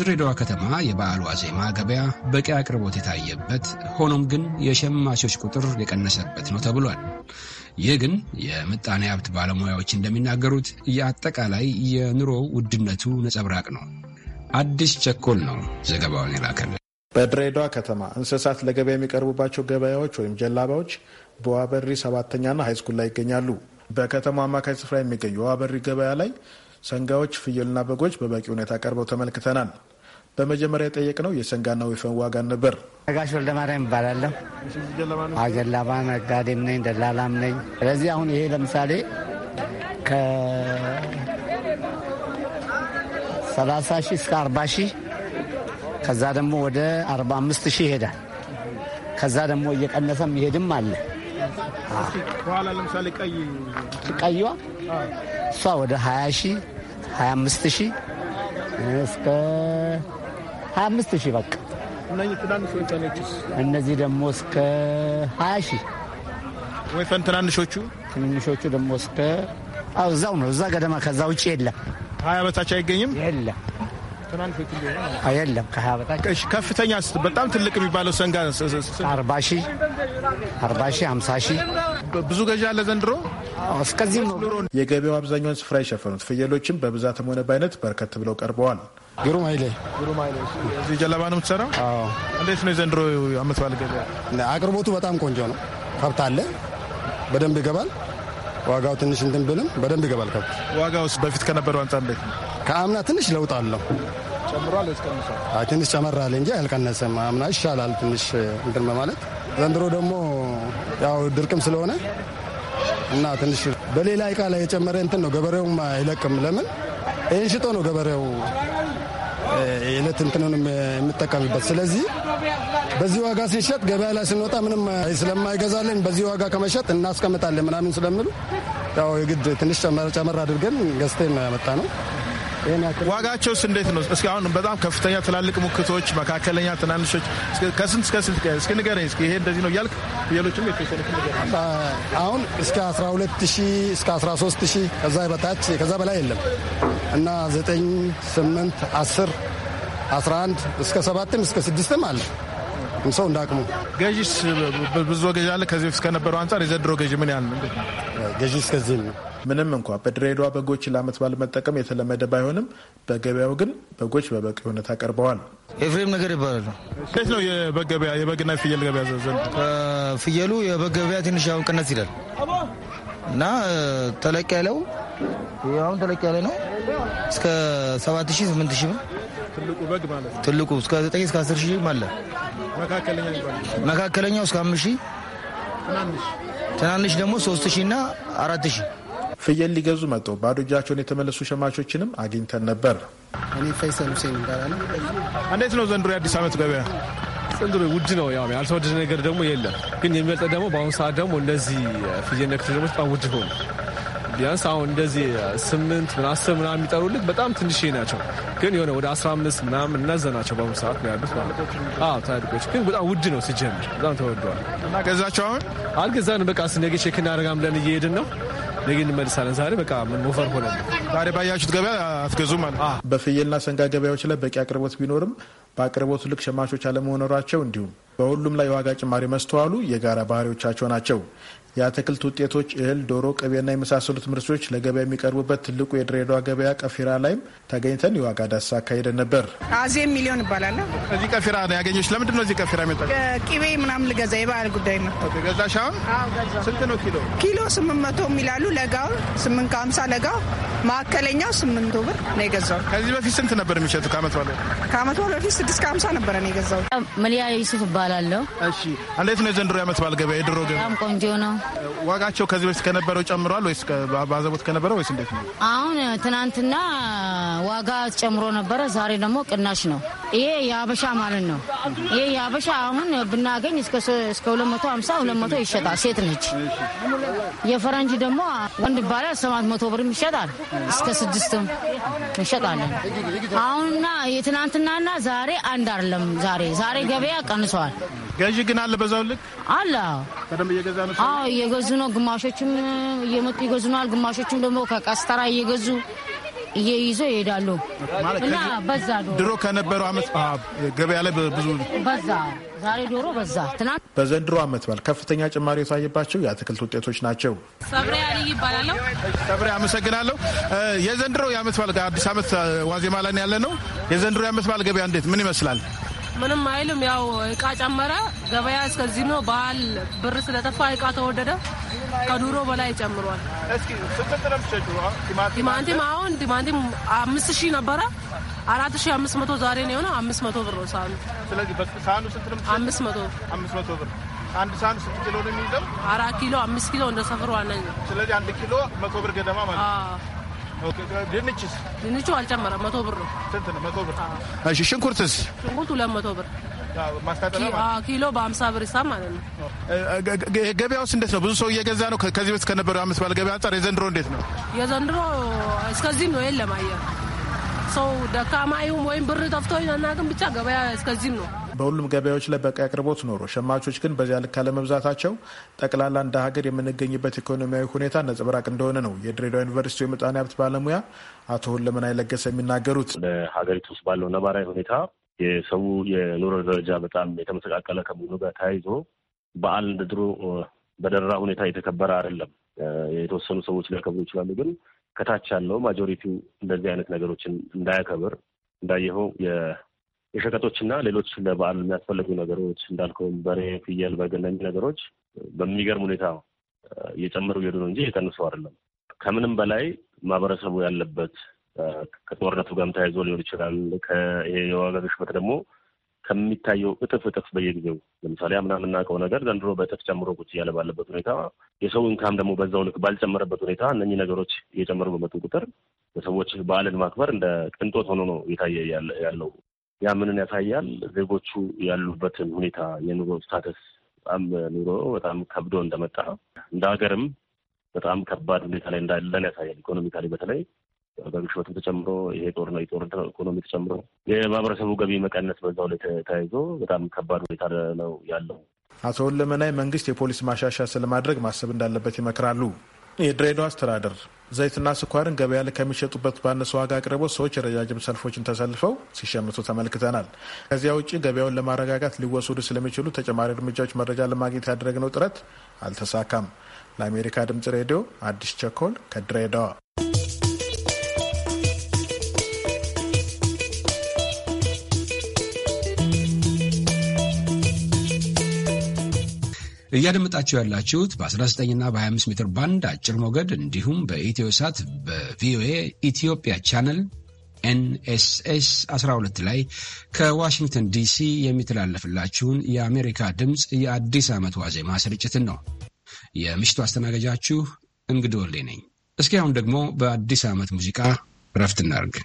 የድሬዳዋ ከተማ የበዓል ዋዜማ ገበያ በቂ አቅርቦት የታየበት ሆኖም ግን የሸማቾች ቁጥር የቀነሰበት ነው ተብሏል። ይህ ግን የምጣኔ ሀብት ባለሙያዎች እንደሚናገሩት የአጠቃላይ የኑሮ ውድነቱ ነጸብራቅ ነው። አዲስ ቸኮል ነው ዘገባውን የላከልን። በድሬዳዋ ከተማ እንስሳት ለገበያ የሚቀርቡባቸው ገበያዎች ወይም ጀላባዎች በዋበሪ ሰባተኛና ሃይስኩል ላይ ይገኛሉ። በከተማ አማካይ ስፍራ የሚገኙ የዋበሪ ገበያ ላይ ሰንጋዎች፣ ፍየልና በጎች በበቂ ሁኔታ ቀርበው ተመልክተናል። በመጀመሪያ ነው የሰንጋና ወይፈን ዋጋን ነበር። ነጋሽ ወልደማርያም ይባላለሁ። አጀላባ ነጋዴም ነኝ ደላላም ነኝ። ስለዚህ አሁን ይሄ ለምሳሌ ከ30 ሺህ እስከ 40 ሺህ ከዛ ደግሞ ወደ 45 ሺህ ይሄዳል። ከዛ ደግሞ እየቀነሰ የሚሄድም አለ። ቀይዋ እሷ ወደ 20 ሺህ 25 ሺህ እስከ ሀያ አምስት ሺህ በቃ እነዚህ ደግሞ እስከ 20 ሺህ ወይፈን ትናንሾቹ ትንንሾቹ ደግሞ እስከ እዛው ነው እዛ ገደማ ከዛ ውጭ የለም ሀያ በታች አይገኝም የለም የለም ከሀያ በታች ከፍተኛ በጣም ትልቅ የሚባለው ሰንጋ አርባ ሺህ አርባ ሺህ ሀምሳ ሺህ ብዙ ገዢ አለ ዘንድሮ። እስከዚህም የገበያው አብዛኛውን ስፍራ የሸፈኑት ፍየሎችም በብዛትም ሆነ በአይነት በርከት ብለው ቀርበዋል። ግሩም ኃይሌ እዚህ ጀለባ ነው የምትሰራው? እንዴት ነው የዘንድሮ አመት በዓል ገበያ? አቅርቦቱ በጣም ቆንጆ ነው። ከብት አለ በደንብ ይገባል። ዋጋው ትንሽ እንትን ብልም በደንብ ይገባል ከብት። ዋጋውስ በፊት ከነበረው አንጻር እንዴት ነው? ከአምና ትንሽ ለውጥ አለው። ትንሽ ጨመራል እንጂ አልቀነሰም። አምና ይሻላል ትንሽ እንትን በማለት ዘንድሮ ደግሞ ያው ድርቅም ስለሆነ እና ትንሽ በሌላ እቃ ላይ የጨመረ እንትን ነው። ገበሬውም አይለቅም። ለምን ይህን ሽጦ ነው ገበሬው የዕለት የምጠቀምበት። ስለዚህ በዚህ ዋጋ ሲሸጥ ገበያ ላይ ስንወጣ ምንም ስለማይገዛልን በዚህ ዋጋ ከመሸጥ እናስቀምጣለን ምናምን ስለምሉ ያው የግድ ትንሽ ጨመር አድርገን ገዝተን ያመጣ ነው። ዋጋቸውስ እንዴት ነው? እስኪ አሁን በጣም ከፍተኛ ትላልቅ ሙክቶች፣ መካከለኛ፣ ትናንሾች ከስንት እስከ ስንት እስኪ ንገረኝ። እስኪ ይሄ እንደዚህ ነው እያልክ ፍየሎችም የተወሰኑት ንገረኝ። አሁን እስከ 12 ሺህ እስከ 13 ሺህ ከዛ በታች ከዛ በላይ የለም እና 9 8 10 11 እስከ 7 እስከ 6 አለ ሰው እንዳቅሙ። ገዢስ ብዙ ገዢ አለ። ከዚህ በፊት ከነበረው አንጻር የዘድሮ ገዢ ምን ያህል ገዢ እስከዚህ ነው። ምንም እንኳ በድሬዳዋ በጎች ለዓመት በዓል መጠቀም የተለመደ ባይሆንም በገበያው ግን በጎች በበቂ ሁኔታ ቀርበዋል። ኤፍሬም ነገር ይባላል። እንዴት ነው የበግ ገበያ የበግና የፍየል ገበያ ዘንድ? ፍየሉ የበግ ገበያ ትንሽ ይላል እና ተለቅ ያለው አሁን ተለቅ ያለ ነው እስከ 7 ሺህ 8 ሺህ ብር ትልቁ በግ ማለት ነው። ትልቁ እስከ 9 እስከ 10 ሺህ አለ። መካከለኛው እስከ 5 ሺህ፣ ትናንሽ ደግሞ 3 ሺህ እና 4 ሺህ። ፍየል ሊገዙ መጡ። ባዶ እጃቸውን የተመለሱ ሸማቾችንም አግኝተን ነበር። እኔ ፈይሰል ሁሴን ይባላል። እንዴት ነው ዘንድሮ የአዲስ ዓመት ገበያ? ዘንድሮ ውድ ነው። ያው ያልተወደደ ነገር ደግሞ የለም። ግን የሚበልጠ ደግሞ በአሁኑ ሰዓት ደግሞ እንደዚህ ፍየል ነክ ደግሞ በጣም ውድ ሆኑ። ቢያንስ አሁን እንደዚህ ስምንት ምን አስር ምናምን የሚጠሩልት በጣም ትንሽ ናቸው። ግን የሆነ ወደ አስራ አምስት ምናምን እናዘ ናቸው በአሁኑ ሰዓት ነው ያሉት ማለት ነው። ግን በጣም ውድ ነው ሲጀምር በጣም ተወደዋል። እና ገዛቸው አሁን አልገዛን በቃ ስነጌ ቼክ እናደርጋም ብለን እየሄድን ነው ነገ እንመልሳለን። ዛሬ በቃ ምን ሞፈር ሆነ። ዛሬ ባያችሁት ገበያ አትገዙም ማለት በፍየልና ሰንጋ ገበያዎች ላይ በቂ አቅርቦት ቢኖርም በአቅርቦቱ ልክ ሸማቾች አለመኖራቸው እንዲሁም በሁሉም ላይ የዋጋ ጭማሪ መስተዋሉ የጋራ ባህሪዎቻቸው ናቸው። የአትክልት ውጤቶች፣ እህል፣ ዶሮ፣ ቅቤና የመሳሰሉት ምርቶች ለገበያ የሚቀርቡበት ትልቁ የድሬዳዋ ገበያ ቀፊራ ላይም ተገኝተን የዋጋ ዳሰሳ አካሄደን ነበር። አዜ ሚሊዮን ይባላለሁ። እዚህ ቀፊራ ነው ያገኘች ለምንድን ነው እዚህ ቀፊራ ሚ ቅቤ ምናምን ልገዛ የበዓል ጉዳይ ነው። ገዛሽ? አሁን ስንት ነው ኪሎ? ኪሎ ስምንት መቶ የሚላሉ ለጋው ስምንት ከሀምሳ ለጋው ማዕከለኛው ስምንቱ ብር ነው የገዛው። ከዚህ በፊት ስንት ነበር የሚሸጡ? ከአመት በፊት ስድስት ከሀምሳ ነበረ ነው የገዛው። መልያ ዩሱፍ እባላለሁ። እሺ፣ እንዴት ነው የዘንድሮ ያመት በዓል ገበያ? የድሮ ገበያ በጣም ቆንጆ ነው። ዋጋቸው ከዚህ በፊት ከነበረው ጨምሯል ወይስ ባዘቦት ከነበረው ወይስ እንዴት ነው? አሁን ትናንትና ዋጋ ጨምሮ ነበረ፣ ዛሬ ደግሞ ቅናሽ ነው። ይሄ የአበሻ ማለት ነው። ይሄ የአበሻ አሁን ብናገኝ እስከ 250 200 ይሸጣል። ሴት ነች። የፈረንጅ ደግሞ ወንድ ይባላል 700 ብርም ይሸጣል። እስከ ስድስትም እንሸጣለን። አሁንና የትናንትናና ዛሬ አንድ አይደለም። ዛሬ ዛሬ ገበያ ቀንሰዋል። ገዢ ግን አለ፣ በዛው ልክ አለ። በደንብ እየገዛ ነው። አዎ እየገዙ ነው። ግማሾችም እየመጡ ይገዙ ይገዙናል፣ ግማሾችም ደግሞ ከቀስተራ እየገዙ እየይዞ ይሄዳሉ። እና በዛ ድሮ ከነበረው አመት ገበያ ላይ ብዙ በዛ ዛሬ ዶሮ በዛ ትናንት። በዘንድሮ አመት በዓል ከፍተኛ ጭማሪ የታየባቸው የአትክልት ውጤቶች ናቸው። ሰብሬ አልይ ይባላለሁ። ሰብሬ አመሰግናለሁ። የዘንድሮ የአመት በዓል አዲስ አመት ዋዜማ ላይ ያለ ነው። የዘንድሮ የአመት በዓል ገበያ እንዴት ምን ይመስላል? ምንም አይልም። ያው እቃ ጨመረ። ገበያ እስከዚህ ነው። በዓል ብር ስለጠፋ እቃ ተወደደ። ከዱሮ በላይ ጨምሯል። ቲማንቲም አሁን ቲማንቲም አምስት ሺህ ነበረ አራት ሺህ አምስት መቶ ዛሬ ነው የሆነው። አምስት መቶ ብር ነው ሳሉ። ስለዚህ ሳህኑ ስንት ነው? አምስት መቶ አምስት መቶ ብር አንድ ሳህን ስንት ኪሎ ነው የሚይዘው? አራት ኪሎ አምስት ኪሎ እንደ ሰፈሩ ዋናኛ። ስለዚህ አንድ ኪሎ መቶ ብር ገደማ ማለት ነው። ድንችስ? ድንቹ አልጨመረም፣ መቶ ብር ነው። እሺ ሽንኩርትስ? ሽንኩርት ሁለት መቶ ብር ኪሎ በአምሳ ብር ሳ ማለት ነው። ገበያ ውስጥ እንዴት ነው? ብዙ ሰው እየገዛ ነው? ከዚህ በፊት ከነበረው አመት ባለ ገበያ አንጻር የዘንድሮ እንዴት ነው? የዘንድሮ እስከዚህም ነው። የለም አየር ሰው ደካማ ይሁን ወይም ብር ጠፍቶ አናውቅም፣ ብቻ ገበያ እስከዚህም ነው። በሁሉም ገበያዎች ላይ በቂ አቅርቦት ኖሮ ሸማቾች ግን በዚያ ልክ አለመብዛታቸው ጠቅላላ እንደ ሀገር የምንገኝበት ኢኮኖሚያዊ ሁኔታ ነጸብራቅ እንደሆነ ነው የድሬዳዋ ዩኒቨርሲቲ የምጣኔ ሀብት ባለሙያ አቶ ሁለምን አይለገሰ የሚናገሩት። በሀገሪቱ ውስጥ ባለው ነባራዊ ሁኔታ የሰው የኑሮ ደረጃ በጣም የተመሰቃቀለ ከመሆኑ ጋር ተያይዞ በዓል እንደ ድሮ በደራ ሁኔታ የተከበረ አይደለም። የተወሰኑ ሰዎች ሊያከብሩ ይችላሉ፣ ግን ከታች ያለው ማጆሪቲው እንደዚህ አይነት ነገሮችን እንዳያከብር እንዳየኸው የሸቀጦችና ሌሎች ለበዓል የሚያስፈልጉ ነገሮች እንዳልከውም በሬ፣ ፍየል፣ በግ እነዚህ ነገሮች በሚገርም ሁኔታ እየጨመሩ እየሄዱ ነው እንጂ እየቀነሱ አይደለም። ከምንም በላይ ማህበረሰቡ ያለበት ከጦርነቱ ጋርም ተያይዞ ሊሆን ይችላል። የዋጋ ግሽበት ደግሞ ከሚታየው እጥፍ እጥፍ በየጊዜው ለምሳሌ አምና የምናውቀው ነገር ዘንድሮ በእጥፍ ጨምሮ ቁጭ እያለ ባለበት ሁኔታ የሰው ኢንካም ደግሞ በዛው ልክ ባልጨመረበት ሁኔታ እነኚህ ነገሮች እየጨመሩ በመጡ ቁጥር በሰዎች በዓልን ማክበር እንደ ቅንጦት ሆኖ ነው እየታየ ያለው ያ ምንን ያሳያል? ዜጎቹ ያሉበትን ሁኔታ የኑሮ ስታተስ በጣም ኑሮ በጣም ከብዶ እንደመጣ እንደ ሀገርም በጣም ከባድ ሁኔታ ላይ እንዳለን ያሳያል። ኢኮኖሚካሊ በተለይ በግሽበትም ተጨምሮ ይሄ ጦርና የጦር ኢኮኖሚ ተጨምሮ የማህበረሰቡ ገቢ መቀነስ በዛው ላይ ተያይዞ በጣም ከባድ ሁኔታ ነው ያለው። አቶ ወለመናይ መንግስት የፖሊስ ማሻሻያ ስለማድረግ ማሰብ እንዳለበት ይመክራሉ። የድሬዳዋ አስተዳደር ዘይትና ስኳርን ገበያ ላይ ከሚሸጡበት ባነሰ ዋጋ አቅርቦ ሰዎች ረጃጅም ሰልፎችን ተሰልፈው ሲሸምቱ ተመልክተናል። ከዚያ ውጭ ገበያውን ለማረጋጋት ሊወሰዱ ስለሚችሉ ተጨማሪ እርምጃዎች መረጃ ለማግኘት ያደረግነው ጥረት አልተሳካም። ለአሜሪካ ድምጽ ሬዲዮ አዲስ ቸኮል ከድሬዳዋ እያደመጣችሁ ያላችሁት በ 19 እና በ25 ሜትር ባንድ አጭር ሞገድ እንዲሁም በኢትዮ ሳት በቪኦኤ ኢትዮጵያ ቻነል ኤንኤስኤስ 12 ላይ ከዋሽንግተን ዲሲ የሚተላለፍላችሁን የአሜሪካ ድምፅ የአዲስ ዓመት ዋዜማ ስርጭትን ነው። የምሽቱ አስተናጋጃችሁ እንግዳ ወልዴ ነኝ። እስኪ አሁን ደግሞ በአዲስ ዓመት ሙዚቃ እረፍት እናርግ።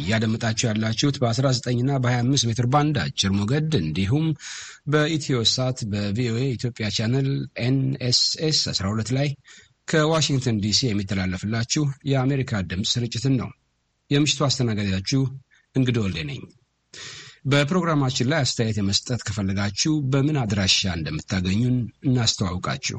እያደመጣችሁ ያላችሁት በ19ና በ25 ሜትር ባንድ አጭር ሞገድ እንዲሁም በኢትዮ ሳት በቪኦኤ ኢትዮጵያ ቻነል ኤንኤስኤስ 12 ላይ ከዋሽንግተን ዲሲ የሚተላለፍላችሁ የአሜሪካ ድምፅ ስርጭትን ነው። የምሽቱ አስተናጋጃችሁ እንግዳ ወልዴ ነኝ። በፕሮግራማችን ላይ አስተያየት የመስጠት ከፈለጋችሁ በምን አድራሻ እንደምታገኙን እናስተዋውቃችሁ።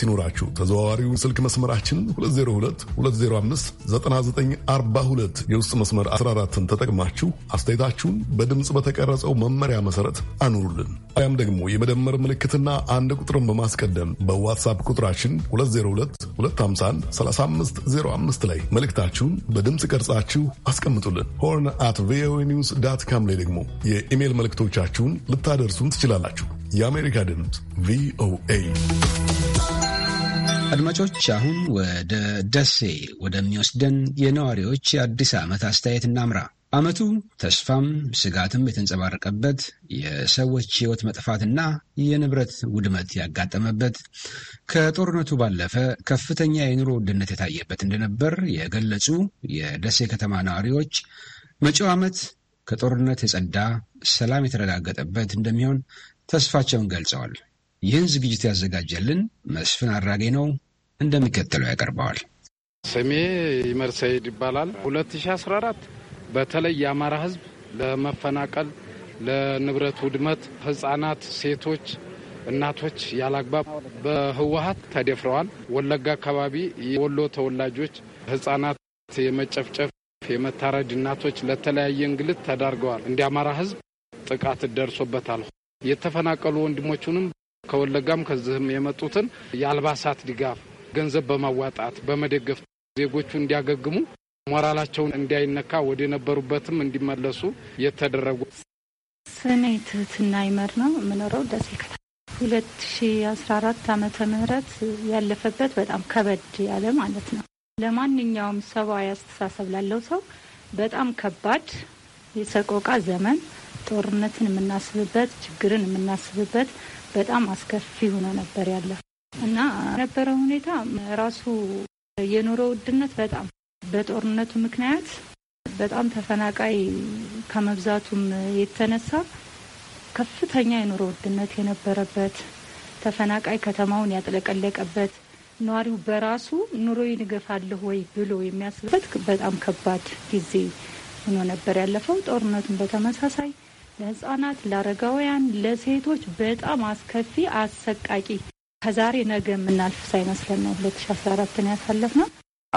ሲኖራችሁ ተዘዋዋሪው ስልክ መስመራችን 2022059942 የውስጥ መስመር 14ን ተጠቅማችሁ አስተያየታችሁን በድምፅ በተቀረጸው መመሪያ መሰረት አኑሩልን። ያም ደግሞ የመደመር ምልክትና አንድ ቁጥርን በማስቀደም በዋትሳፕ ቁጥራችን 2022513505 ላይ መልእክታችሁን በድምፅ ቀርጻችሁ አስቀምጡልን። ሆርን አት ቪኦኤ ኒውስ ዳት ካም ላይ ደግሞ የኢሜይል መልእክቶቻችሁን ልታደርሱን ትችላላችሁ። የአሜሪካ ድምፅ ቪኦኤ አድማጮች አሁን ወደ ደሴ ወደሚወስደን የነዋሪዎች የአዲስ ዓመት አስተያየት እናምራ። ዓመቱ ተስፋም ስጋትም የተንጸባረቀበት የሰዎች ሕይወት መጥፋትና የንብረት ውድመት ያጋጠመበት ከጦርነቱ ባለፈ ከፍተኛ የኑሮ ውድነት የታየበት እንደነበር የገለጹ የደሴ ከተማ ነዋሪዎች መጪው ዓመት ከጦርነት የጸዳ ሰላም የተረጋገጠበት እንደሚሆን ተስፋቸውን ገልጸዋል። ይህን ዝግጅት ያዘጋጀልን መስፍን አራጌ ነው፣ እንደሚከተለው ያቀርበዋል። ስሜ ይመር ሰይድ ይባላል። 2014 በተለይ የአማራ ህዝብ ለመፈናቀል ለንብረት ውድመት ህጻናት፣ ሴቶች፣ እናቶች ያላግባብ በህወሀት ተደፍረዋል። ወለጋ አካባቢ የወሎ ተወላጆች ህጻናት የመጨፍጨፍ የመታረድ እናቶች ለተለያየ እንግልት ተዳርገዋል። እንደ አማራ ህዝብ ጥቃት ደርሶበታል። የተፈናቀሉ ወንድሞቹንም ከወለጋም ከዚህም የመጡትን የአልባሳት ድጋፍ ገንዘብ በማዋጣት በመደገፍ ዜጎቹ እንዲያገግሙ ሞራላቸውን እንዳይነካ ወደ የነበሩበትም እንዲመለሱ የተደረጉ። ስሜ ትህትና ይመር ነው የምኖረው ደሴ ከተማ። ሁለት ሺ አስራ አራት አመተ ምህረት ያለፈበት በጣም ከበድ ያለ ማለት ነው። ለማንኛውም ሰብአዊ አስተሳሰብ ላለው ሰው በጣም ከባድ የሰቆቃ ዘመን፣ ጦርነትን የምናስብበት፣ ችግርን የምናስብበት በጣም አስከፊ ሆኖ ነበር ያለ እና የነበረው ሁኔታ ራሱ የኑሮ ውድነት በጣም በጦርነቱ ምክንያት በጣም ተፈናቃይ ከመብዛቱም የተነሳ ከፍተኛ የኑሮ ውድነት የነበረበት ተፈናቃይ ከተማውን ያጥለቀለቀበት ነዋሪው በራሱ ኑሮ ይንገፋለሁ ወይ ብሎ የሚያስብበት በጣም ከባድ ጊዜ ሆኖ ነበር ያለፈው። ጦርነቱን በተመሳሳይ ለህጻናት፣ ለአረጋውያን፣ ለሴቶች በጣም አስከፊ አሰቃቂ ከዛሬ ነገ የምናልፍ ሳይመስለን ነው አስራ አራትን ያሳለፍ ነው።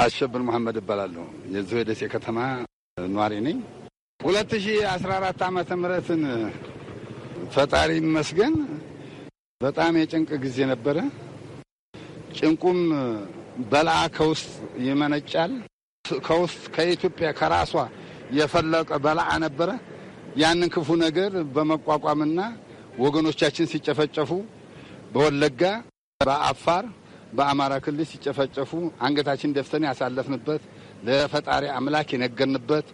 አሸብር መሐመድ እባላለሁ። የዚሁ የደሴ ከተማ ኗሪ ነኝ። አራት አመተ ምህረትን ፈጣሪ ይመስገን በጣም የጭንቅ ጊዜ ነበረ። ጭንቁም በላ ከውስጥ ይመነጫል። ከውስጥ ከኢትዮጵያ ከራሷ የፈለቀ በላአ ነበረ። ያንን ክፉ ነገር በመቋቋምና ወገኖቻችን ሲጨፈጨፉ በወለጋ፣ በአፋር፣ በአማራ ክልል ሲጨፈጨፉ አንገታችን ደፍተን ያሳለፍንበት ለፈጣሪ አምላክ የነገርንበት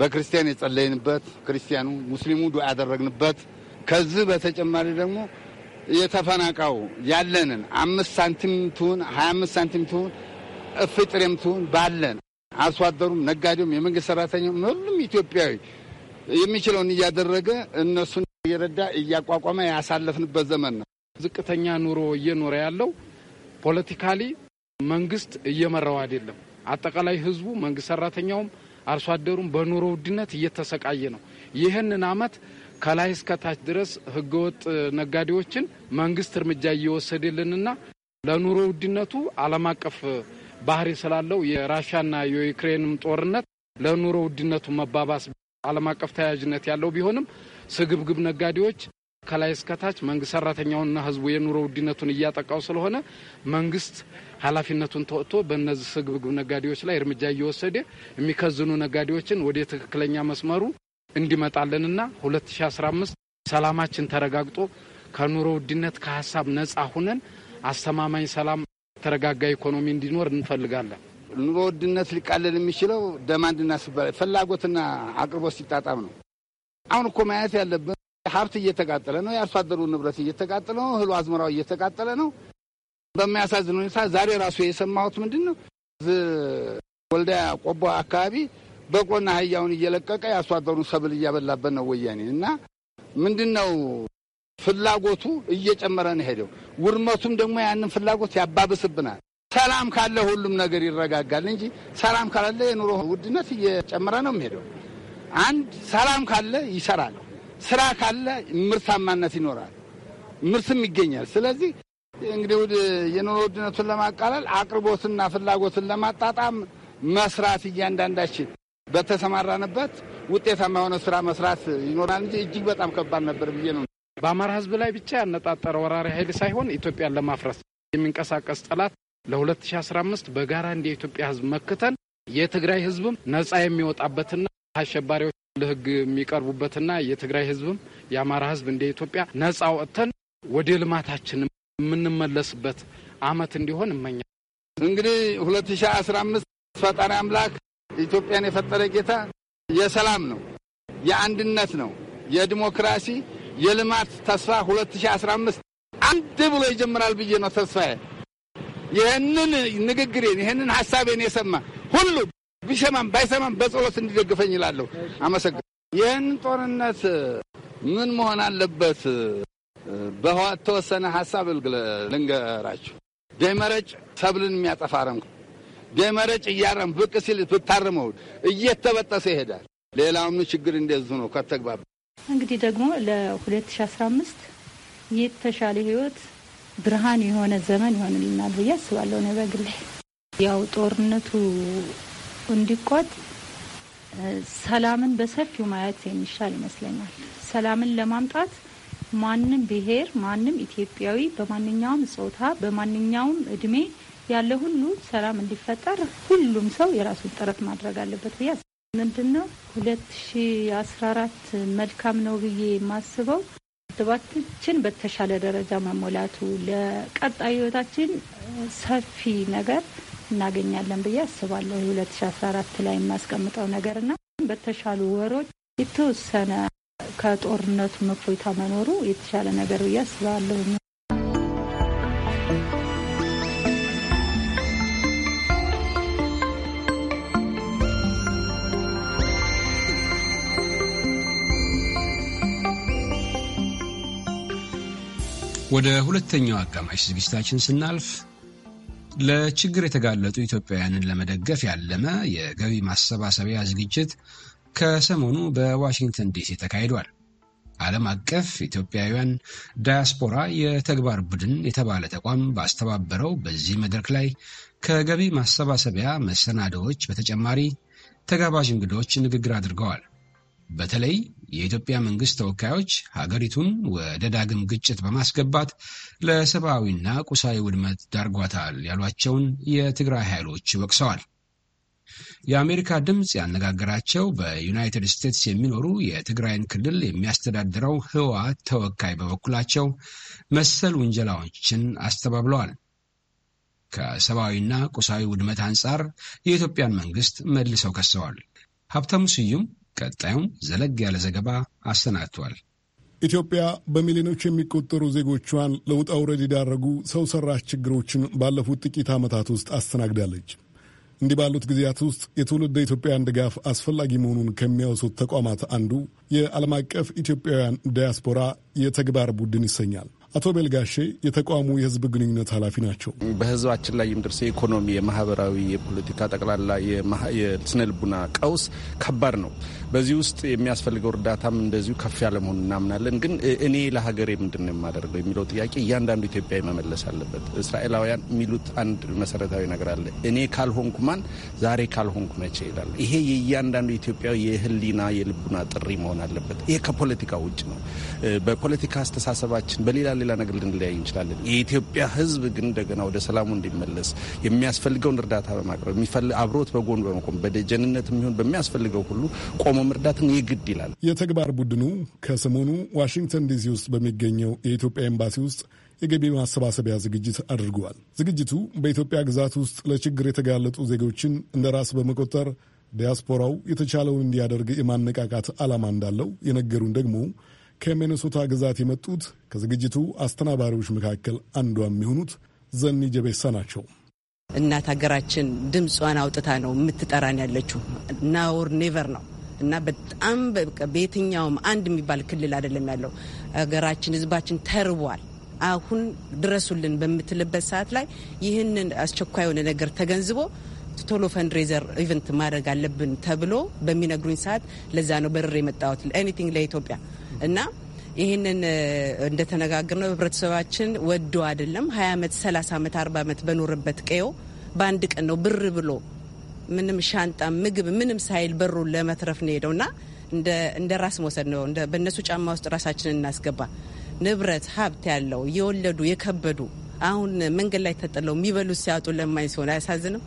በክርስቲያን የጸለይንበት ክርስቲያኑ ሙስሊሙ ዱ ያደረግንበት ከዚህ በተጨማሪ ደግሞ የተፈናቃው ያለንን አምስት ሳንቲም ትሁን ሀያ አምስት ሳንቲም ትሁን እፍጥሬም ትሁን ባለን አርሶ አደሩም ነጋዴውም የመንግስት ሰራተኛውም ሁሉም ኢትዮጵያዊ የሚችለውን እያደረገ እነሱን እየረዳ እያቋቋመ ያሳለፍንበት ዘመን ነው። ዝቅተኛ ኑሮ እየኖረ ያለው ፖለቲካሊ መንግስት እየመራው አይደለም። አጠቃላይ ህዝቡ፣ መንግስት ሰራተኛውም፣ አርሶ አደሩም በኑሮ ውድነት እየተሰቃየ ነው። ይህንን አመት ከላይ እስከታች ድረስ ህገወጥ ነጋዴዎችን መንግስት እርምጃ እየወሰደልንና ለኑሮ ውድነቱ ዓለም አቀፍ ባህሪ ስላለው የራሻና የዩክሬንም ጦርነት ለኑሮ ውድነቱ መባባስ ዓለም አቀፍ ተያያዥነት ያለው ቢሆንም ስግብግብ ነጋዴዎች ከላይ እስከታች መንግስት ሰራተኛውንና ህዝቡ የኑሮ ውድነቱን እያጠቃው ስለሆነ መንግስት ኃላፊነቱን ተወጥቶ በእነዚህ ስግብግብ ነጋዴዎች ላይ እርምጃ እየወሰደ የሚከዝኑ ነጋዴዎችን ወደ ትክክለኛ መስመሩ እንዲመጣልንና 2015 ሰላማችን ተረጋግጦ ከኑሮ ውድነት ከሀሳብ ነጻ ሁነን አስተማማኝ ሰላም፣ የተረጋጋ ኢኮኖሚ እንዲኖር እንፈልጋለን። ኑሮ ውድነት ሊቃለል የሚችለው ደማንድና ስበላ ፍላጎትና አቅርቦት ሲጣጣም ነው። አሁን እኮ ማየት ያለብን ሀብት እየተቃጠለ ነው። የአርሶ አደሩ ንብረት እየተቃጠለ ነው። እህሉ አዝመራው እየተቃጠለ ነው። በሚያሳዝን ሁኔታ ዛሬ ራሱ የሰማሁት ምንድን ነው ወልዳ ቆቦ አካባቢ በቆና አህያውን እየለቀቀ የአርሶ አደሩን ሰብል እያበላበት ነው ወያኔ እና ምንድን ነው ፍላጎቱ እየጨመረ ነው ሄደው ውድመቱም ደግሞ ያንን ፍላጎት ያባብስብናል። ሰላም ካለ ሁሉም ነገር ይረጋጋል እንጂ ሰላም ካላለ የኑሮ ውድነት እየጨመረ ነው የሚሄደው። አንድ ሰላም ካለ ይሰራል፣ ስራ ካለ ምርታማነት ይኖራል፣ ምርትም ይገኛል። ስለዚህ እንግዲህ የኑሮ ውድነቱን ለማቃለል አቅርቦትና ፍላጎትን ለማጣጣም መስራት እያንዳንዳችን በተሰማራንበት ውጤታማ የሆነ ስራ መስራት ይኖራል እንጂ እጅግ በጣም ከባድ ነበር ብዬ ነው። በአማራ ህዝብ ላይ ብቻ ያነጣጠረ ወራሪ ኃይል ሳይሆን ኢትዮጵያን ለማፍረስ የሚንቀሳቀስ ጠላት ለ2015 በጋራ እንደ ኢትዮጵያ ህዝብ መክተን የትግራይ ህዝብም ነጻ የሚወጣበትና አሸባሪዎች ለህግ የሚቀርቡበትና የትግራይ ህዝብም የአማራ ህዝብ እንደ ኢትዮጵያ ነጻ ወጥተን ወደ ልማታችን የምንመለስበት አመት እንዲሆን እመኛል። እንግዲህ 2015 ፈጣሪ አምላክ ኢትዮጵያን የፈጠረ ጌታ የሰላም ነው፣ የአንድነት ነው፣ የዲሞክራሲ የልማት ተስፋ 2015 አንድ ብሎ ይጀምራል ብዬ ነው ተስፋዬ። ይህንን ንግግሬን ይህንን ሀሳቤን የሰማ ሁሉ ቢሰማም ባይሰማም በጸሎት እንዲደግፈኝ ይላለሁ። አመሰግን። ይህን ጦርነት ምን መሆን አለበት? በህዋት ተወሰነ ሀሳብ ልንገራችሁ። ደመረጭ ሰብልን የሚያጠፋ አረም ደመረጭ እያረም ብቅ ሲል ብታርመው እየተበጠሰ ይሄዳል። ሌላውም ችግር እንደዙ ነው ከተግባባ እንግዲህ ደግሞ ለ2015 የተሻለ ህይወት ብርሃን የሆነ ዘመን ይሆንልናል ብዬ አስባለሁ። እኔ በግሌ ያው ጦርነቱ እንዲቋጥ ሰላምን በሰፊው ማየት የሚሻል ይመስለኛል። ሰላምን ለማምጣት ማንም ብሔር፣ ማንም ኢትዮጵያዊ በማንኛውም ጾታ፣ በማንኛውም እድሜ ያለ ሁሉ ሰላም እንዲፈጠር ሁሉም ሰው የራሱን ጥረት ማድረግ አለበት ብዬ ምንድን ነው ሁለት ሺ አስራ አራት መልካም ነው ብዬ የማስበው ክትባታችን በተሻለ ደረጃ መሞላቱ ለቀጣይ ህይወታችን ሰፊ ነገር እናገኛለን ብዬ አስባለሁ አስራ አራት ላይ የማስቀምጠው ነገርና በተሻሉ ወሮች የተወሰነ ከጦርነቱ መፎይታ መኖሩ የተሻለ ነገር ብዬ አስባለሁ። ወደ ሁለተኛው አጋማሽ ዝግጅታችን ስናልፍ ለችግር የተጋለጡ ኢትዮጵያውያንን ለመደገፍ ያለመ የገቢ ማሰባሰቢያ ዝግጅት ከሰሞኑ በዋሽንግተን ዲሲ ተካሂዷል። ዓለም አቀፍ ኢትዮጵያውያን ዳያስፖራ የተግባር ቡድን የተባለ ተቋም ባስተባበረው በዚህ መድረክ ላይ ከገቢ ማሰባሰቢያ መሰናዶዎች በተጨማሪ ተጋባዥ እንግዶች ንግግር አድርገዋል። በተለይ የኢትዮጵያ መንግስት ተወካዮች ሀገሪቱን ወደ ዳግም ግጭት በማስገባት ለሰብአዊና ቁሳዊ ውድመት ዳርጓታል ያሏቸውን የትግራይ ኃይሎች ወቅሰዋል። የአሜሪካ ድምፅ ያነጋገራቸው በዩናይትድ ስቴትስ የሚኖሩ የትግራይን ክልል የሚያስተዳድረው ህወሓት ተወካይ በበኩላቸው መሰል ውንጀላዎችን አስተባብለዋል። ከሰብአዊና ቁሳዊ ውድመት አንጻር የኢትዮጵያን መንግስት መልሰው ከሰዋል። ሀብታሙ ስዩም ቀጣዩም ዘለግ ያለ ዘገባ አሰናድቷል። ኢትዮጵያ በሚሊዮኖች የሚቆጠሩ ዜጎቿን ለውጣ ውረድ የዳረጉ ሰው ሰራሽ ችግሮችን ባለፉት ጥቂት ዓመታት ውስጥ አስተናግዳለች። እንዲህ ባሉት ጊዜያት ውስጥ የትውልደ ኢትዮጵያውያን ድጋፍ አስፈላጊ መሆኑን ከሚያወሱት ተቋማት አንዱ የዓለም አቀፍ ኢትዮጵያውያን ዲያስፖራ የተግባር ቡድን ይሰኛል። አቶ ቤልጋሼ የተቋሙ የህዝብ ግንኙነት ኃላፊ ናቸው። በህዝባችን ላይ የሚደርስ የኢኮኖሚ፣ የማህበራዊ፣ የፖለቲካ ጠቅላላ የስነልቡና ቀውስ ከባድ ነው። በዚህ ውስጥ የሚያስፈልገው እርዳታም እንደዚሁ ከፍ ያለ መሆኑ እናምናለን። ግን እኔ ለሀገሬ ምንድን ነው የማደርገው የሚለው ጥያቄ እያንዳንዱ ኢትዮጵያዊ መመለስ አለበት። እስራኤላውያን የሚሉት አንድ መሰረታዊ ነገር አለ። እኔ ካልሆንኩ ማን፣ ዛሬ ካልሆንኩ መቼ ይላል። ይሄ የእያንዳንዱ ኢትዮጵያዊ የህሊና የልቡና ጥሪ መሆን አለበት። ይሄ ከፖለቲካ ውጭ ነው። በፖለቲካ አስተሳሰባችን በሌላ ሌላ ነገር ልንለያይ እንችላለን። የኢትዮጵያ ህዝብ ግን እንደገና ወደ ሰላሙ እንዲመለስ የሚያስፈልገውን እርዳታ በማቅረብ አብሮት በጎን በመቆም በደጀንነት የሚሆን በሚያስፈልገው ሁሉ ቆሞ መርዳትን ይግድ ይላል። የተግባር ቡድኑ ከሰሞኑ ዋሽንግተን ዲሲ ውስጥ በሚገኘው የኢትዮጵያ ኤምባሲ ውስጥ የገቢ ማሰባሰቢያ ዝግጅት አድርገዋል። ዝግጅቱ በኢትዮጵያ ግዛት ውስጥ ለችግር የተጋለጡ ዜጎችን እንደ ራስ በመቆጠር ዲያስፖራው የተቻለውን እንዲያደርግ የማነቃቃት ዓላማ እንዳለው የነገሩን ደግሞ ከሚኔሶታ ግዛት የመጡት ከዝግጅቱ አስተናባሪዎች መካከል አንዷ የሚሆኑት ዘኒ ጀቤሳ ናቸው። እናት ሀገራችን ድምጿን አውጥታ ነው የምትጠራን ያለችው። ናውር ኔቨር ነው እና በጣም በየትኛውም አንድ የሚባል ክልል አይደለም ያለው። ሀገራችን ህዝባችን ተርቧል። አሁን ድረሱልን በምትልበት ሰዓት ላይ ይህንን አስቸኳይ የሆነ ነገር ተገንዝቦ ቶሎ ፈንድሬዘር ኢቨንት ማድረግ አለብን ተብሎ በሚነግሩኝ ሰዓት ለዛ ነው በርር የመጣሁት ኤኒቲንግ ለኢትዮጵያ እና ይህንን እንደተነጋገርነው ህብረተሰባችን ወዶ አይደለም ሀያ ዓመት ሰላሳ ዓመት አርባ ዓመት በኖረበት ቀዮ በአንድ ቀን ነው ብር ብሎ ምንም ሻንጣ፣ ምግብ ምንም ሳይል በሩን ለመትረፍ ነው ሄደው ና እንደ ራስ መውሰድ ነው። በእነሱ ጫማ ውስጥ ራሳችንን እናስገባ። ንብረት ሀብት ያለው የወለዱ የከበዱ አሁን መንገድ ላይ ተጥለው የሚበሉት ሲያጡ ለማኝ ሲሆን አያሳዝንም?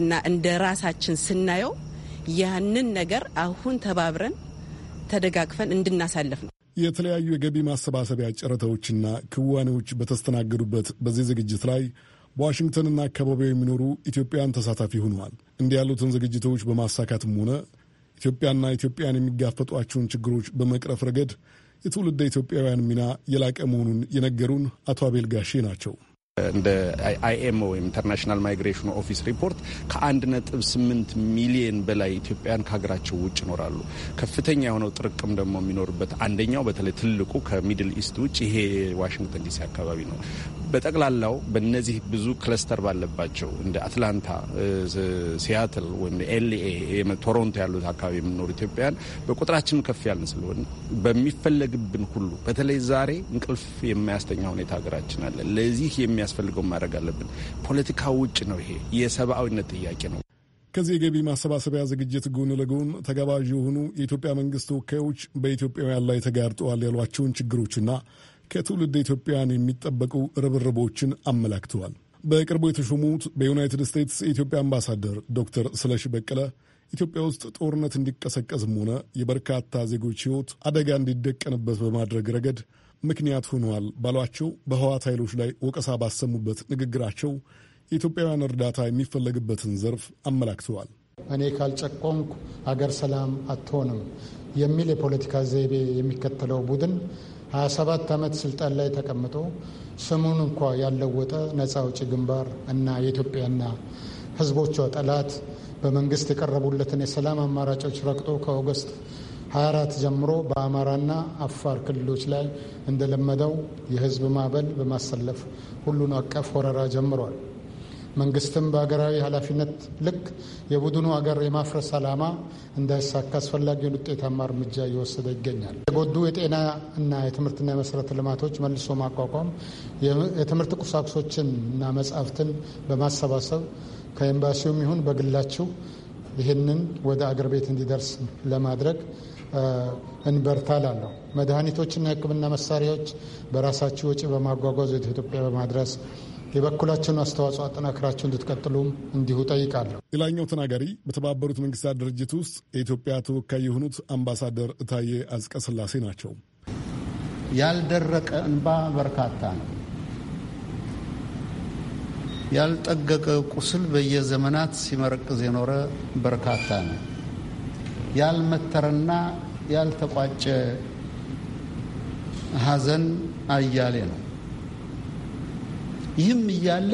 እና እንደ ራሳችን ስናየው ያንን ነገር አሁን ተባብረን ተደጋግፈን እንድናሳለፍ ነው። የተለያዩ የገቢ ማሰባሰቢያ ጨረታዎችና ክዋኔዎች በተስተናገዱበት በዚህ ዝግጅት ላይ በዋሽንግተንና አካባቢው የሚኖሩ ኢትዮጵያውያን ተሳታፊ ሆነዋል። እንዲህ ያሉትን ዝግጅቶች በማሳካትም ሆነ ኢትዮጵያና ኢትዮጵያን የሚጋፈጧቸውን ችግሮች በመቅረፍ ረገድ የትውልደ ኢትዮጵያውያን ሚና የላቀ መሆኑን የነገሩን አቶ አቤል ጋሼ ናቸው። እንደ አይኤምኦ ኢንተርናሽናል ማይግሬሽን ኦፊስ ሪፖርት ከአንድ ነጥብ ስምንት ሚሊየን በላይ ኢትዮጵያውያን ከሀገራቸው ውጭ ይኖራሉ። ከፍተኛ የሆነው ጥርቅም ደግሞ የሚኖርበት አንደኛው በተለይ ትልቁ ከሚድል ኢስት ውጭ ይሄ ዋሽንግተን ዲሲ አካባቢ ነው። በጠቅላላው በነዚህ ብዙ ክለስተር ባለባቸው እንደ አትላንታ፣ ሲያትል ወይም ኤልኤ፣ ቶሮንቶ ያሉት አካባቢ የምንኖሩ ኢትዮጵያውያን በቁጥራችን ከፍ ያልን ስለሆነ በሚፈለግብን ሁሉ በተለይ ዛሬ እንቅልፍ የማያስተኛ ሁኔታ ሀገራችን አለ። ለዚህ የሚያስፈልገው ማድረግ አለብን። ፖለቲካ ውጭ ነው። ይሄ የሰብአዊነት ጥያቄ ነው። ከዚህ የገቢ ማሰባሰቢያ ዝግጅት ጎን ለጎን ተጋባዥ የሆኑ የኢትዮጵያ መንግስት ተወካዮች በኢትዮጵያውያን ላይ ተጋርጠዋል ያሏቸውን ችግሮችና ከትውልድ ኢትዮጵያውያን የሚጠበቁ ርብርቦችን አመላክተዋል። በቅርቡ የተሾሙት በዩናይትድ ስቴትስ የኢትዮጵያ አምባሳደር ዶክተር ስለሺ በቀለ ኢትዮጵያ ውስጥ ጦርነት እንዲቀሰቀስም ሆነ የበርካታ ዜጎች ሕይወት አደጋ እንዲደቀንበት በማድረግ ረገድ ምክንያት ሆነዋል ባሏቸው በህዋት ኃይሎች ላይ ወቀሳ ባሰሙበት ንግግራቸው የኢትዮጵያውያን እርዳታ የሚፈለግበትን ዘርፍ አመላክተዋል። እኔ ካልጨቆንኩ አገር ሰላም አትሆንም የሚል የፖለቲካ ዘይቤ የሚከተለው ቡድን 27 ዓመት ስልጣን ላይ ተቀምጦ ስሙን እንኳ ያልለወጠ ነፃ አውጪ ግንባር እና የኢትዮጵያና ህዝቦቿ ጠላት በመንግስት የቀረቡለትን የሰላም አማራጮች ረግጦ ከኦገስት 24 ጀምሮ በአማራና አፋር ክልሎች ላይ እንደለመደው የህዝብ ማዕበል በማሰለፍ ሁሉን አቀፍ ወረራ ጀምሯል። መንግስትም በሀገራዊ ኃላፊነት ልክ የቡድኑ አገር የማፍረስ ዓላማ እንዳይሳካ አስፈላጊውን ውጤታማ እርምጃ እየወሰደ ይገኛል። የጎዱ የጤና እና የትምህርትና የመሰረተ ልማቶች መልሶ ማቋቋም፣ የትምህርት ቁሳቁሶችን እና መጻሕፍትን በማሰባሰብ ከኤምባሲውም ይሁን በግላችሁ ይህንን ወደ አገር ቤት እንዲደርስ ለማድረግ እንበርታ ላለሁ። መድኃኒቶችና የሕክምና መሳሪያዎች በራሳችሁ ወጪ በማጓጓዝ ወደ ኢትዮጵያ በማድረስ የበኩላቸውን አስተዋጽኦ አጠናክራቸው እንድትቀጥሉም እንዲሁ ጠይቃለሁ። ሌላኛው ተናጋሪ በተባበሩት መንግስታት ድርጅት ውስጥ የኢትዮጵያ ተወካይ የሆኑት አምባሳደር እታዬ ስላሴ ናቸው። ያልደረቀ እንባ በርካታ ነው። ያልጠገቀ ቁስል በየዘመናት ሲመረቅዝ የኖረ በርካታ ነው። ያልመተረና ያልተቋጨ ሐዘን አያሌ ነው። ይህም እያለ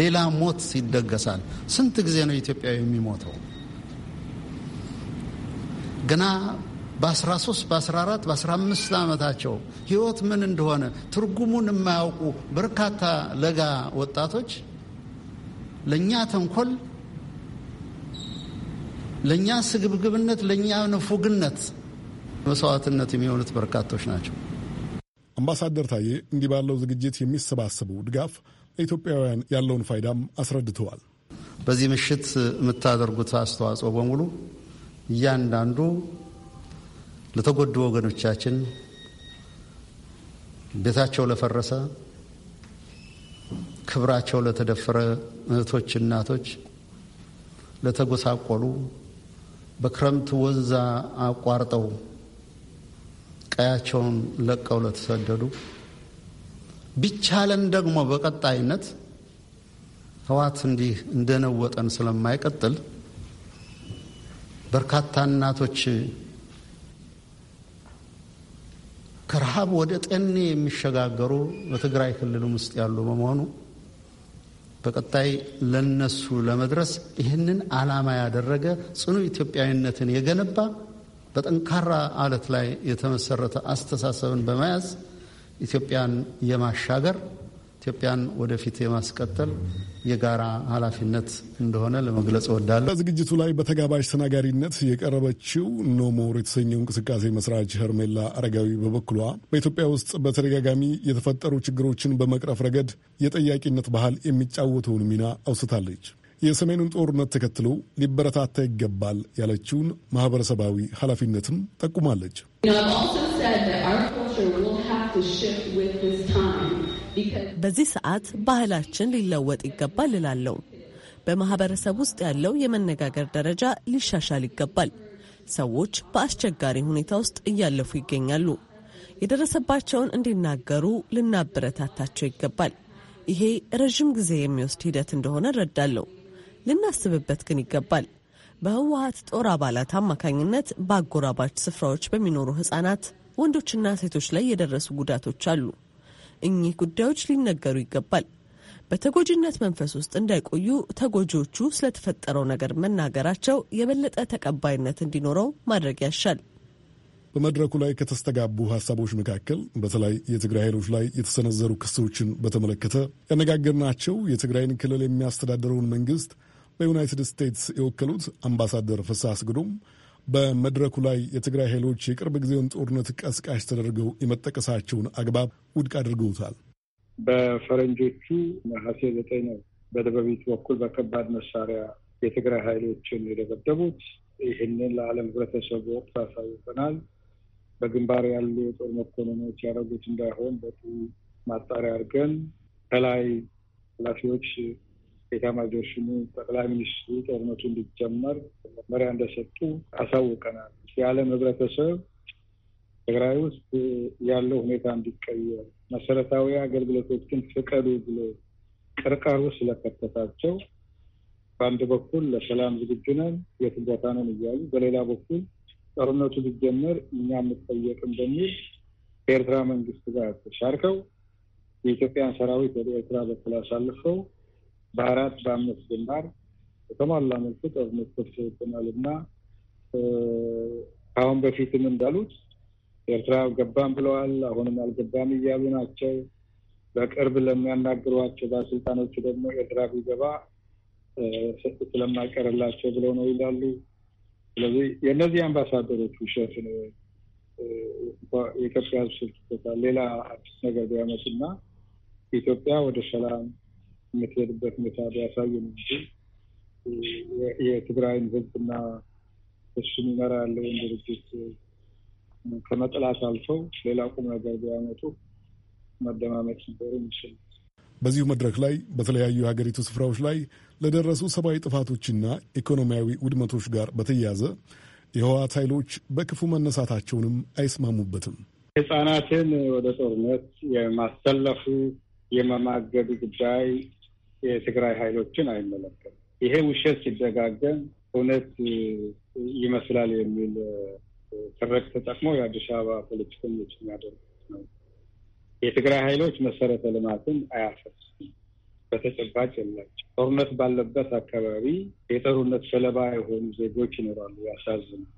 ሌላ ሞት ይደገሳል። ስንት ጊዜ ነው ኢትዮጵያዊ የሚሞተው? ገና በ13 በ14 በ15 ዓመታቸው ህይወት ምን እንደሆነ ትርጉሙን የማያውቁ በርካታ ለጋ ወጣቶች ለእኛ ተንኮል፣ ለእኛ ስግብግብነት፣ ለእኛ ንፉግነት መስዋዕትነት የሚሆኑት በርካቶች ናቸው። አምባሳደር ታዬ እንዲህ ባለው ዝግጅት የሚሰባሰቡ ድጋፍ ለኢትዮጵያውያን ያለውን ፋይዳም አስረድተዋል። በዚህ ምሽት የምታደርጉት አስተዋጽኦ በሙሉ እያንዳንዱ ለተጎዱ ወገኖቻችን ቤታቸው ለፈረሰ ክብራቸው ለተደፈረ እህቶች፣ እናቶች፣ ለተጎሳቆሉ በክረምት ወንዝ አቋርጠው ቀያቸውን ለቀው ለተሰደዱ ቢቻለን ደግሞ በቀጣይነት ህዋት እንዲህ እንደነወጠን ስለማይቀጥል በርካታ እናቶች ከረሃብ ወደ ጤኔ የሚሸጋገሩ በትግራይ ክልልም ውስጥ ያሉ በመሆኑ በቀጣይ ለነሱ ለመድረስ ይህንን ዓላማ ያደረገ ጽኑ ኢትዮጵያዊነትን የገነባ በጠንካራ አለት ላይ የተመሰረተ አስተሳሰብን በመያዝ ኢትዮጵያን የማሻገር ኢትዮጵያን ወደፊት የማስቀጠል የጋራ ኃላፊነት እንደሆነ ለመግለጽ እወዳለሁ። በዝግጅቱ ላይ በተጋባዥ ተናጋሪነት የቀረበችው ኖሞር የተሰኘው እንቅስቃሴ መስራች ሄርሜላ አረጋዊ በበኩሏ በኢትዮጵያ ውስጥ በተደጋጋሚ የተፈጠሩ ችግሮችን በመቅረፍ ረገድ የጠያቂነት ባህል የሚጫወተውን ሚና አውስታለች። የሰሜኑን ጦርነት ተከትሎ ሊበረታታ ይገባል ያለችውን ማህበረሰባዊ ኃላፊነትም ጠቁማለች። በዚህ ሰዓት ባህላችን ሊለወጥ ይገባል እላለሁ። በማህበረሰብ ውስጥ ያለው የመነጋገር ደረጃ ሊሻሻል ይገባል። ሰዎች በአስቸጋሪ ሁኔታ ውስጥ እያለፉ ይገኛሉ። የደረሰባቸውን እንዲናገሩ ልናበረታታቸው ይገባል። ይሄ ረዥም ጊዜ የሚወስድ ሂደት እንደሆነ እረዳለሁ። ልናስብበት ግን ይገባል። በህወሀት ጦር አባላት አማካኝነት በአጎራባች ስፍራዎች በሚኖሩ ህጻናት ወንዶችና ሴቶች ላይ የደረሱ ጉዳቶች አሉ። እኚህ ጉዳዮች ሊነገሩ ይገባል። በተጎጂነት መንፈስ ውስጥ እንዳይቆዩ ተጎጂዎቹ ስለተፈጠረው ነገር መናገራቸው የበለጠ ተቀባይነት እንዲኖረው ማድረግ ያሻል። በመድረኩ ላይ ከተስተጋቡ ሀሳቦች መካከል በተለይ የትግራይ ኃይሎች ላይ የተሰነዘሩ ክሶችን በተመለከተ ያነጋገርናቸው የትግራይን ክልል የሚያስተዳድረውን መንግስት በዩናይትድ ስቴትስ የወከሉት አምባሳደር ፍስሐ አስግዶም በመድረኩ ላይ የትግራይ ኃይሎች የቅርብ ጊዜውን ጦርነት ቀስቃሽ ተደርገው የመጠቀሳቸውን አግባብ ውድቅ አድርገውታል። በፈረንጆቹ ነሐሴ ዘጠኝ ነው በደበቢት በኩል በከባድ መሳሪያ የትግራይ ኃይሎችን የደበደቡት። ይህንን ለዓለም ህብረተሰቡ ወቅት አሳውቀናል። በግንባር ያሉ የጦር መኮንኖች ያደረጉት እንዳይሆን በጡ ማጣሪያ አድርገን ከላይ ኃላፊዎች የኤታማዦርሹሙ ጠቅላይ ሚኒስትሩ ጦርነቱ እንዲጀመር መመሪያ እንደሰጡ አሳውቀናል። የዓለም ህብረተሰብ ትግራይ ውስጥ ያለው ሁኔታ እንዲቀየር መሰረታዊ አገልግሎቶችን ፍቀዱ ብሎ ቅርቃር ውስጥ ስለከተታቸው በአንድ በኩል ለሰላም ዝግጁ ነን የት ቦታ ነን እያሉ፣ በሌላ በኩል ጦርነቱ ቢጀመር እኛ የምጠየቅም በሚል ከኤርትራ መንግስት ጋር ተሻርከው የኢትዮጵያን ሰራዊት ወደ ኤርትራ በኩል አሳልፈው በአራት በአምስት ግንባር በተሟላ መልኩ ጦርነት ከፍቶ ወጥናል እና ከአሁን በፊትም እንዳሉት ኤርትራ ገባም ብለዋል። አሁንም አልገባም እያሉ ናቸው። በቅርብ ለሚያናግሯቸው ባለስልጣኖቹ ደግሞ ኤርትራ ቢገባ ስለማይቀርላቸው ብለው ነው ይላሉ። ስለዚህ የእነዚህ አምባሳደሮች ውሸት ነው። የኢትዮጵያ ሕዝብ ሌላ አዲስ ነገር ቢያመጡና ኢትዮጵያ ወደ ሰላም የምትሄድበት ሁኔታ ሊያሳየን እንጂ የትግራይን ህዝብና እሱን ይመራ ያለውን ድርጅት ከመጥላት አልፈው ሌላ ቁም ነገር ቢያመጡ መደማመጥ ነበሩ ይችላል። በዚሁ መድረክ ላይ በተለያዩ የሀገሪቱ ስፍራዎች ላይ ለደረሱ ሰብአዊ ጥፋቶችና ኢኮኖሚያዊ ውድመቶች ጋር በተያያዘ የህወሓት ኃይሎች በክፉ መነሳታቸውንም አይስማሙበትም። ህጻናትን ወደ ጦርነት የማሰለፉ የመማገዱ ጉዳይ የትግራይ ኃይሎችን አይመለከትም። ይሄ ውሸት ሲደጋገም እውነት ይመስላል የሚል ትርክ ተጠቅሞ የአዲስ አበባ ፖለቲከኞች የሚያደርጉት ነው። የትግራይ ኃይሎች መሰረተ ልማትን አያፈርስም፣ በተጨባጭ የላቸው። ጦርነት ባለበት አካባቢ የጦርነት ሰለባ የሆኑ ዜጎች ይኖራሉ። ያሳዝናል።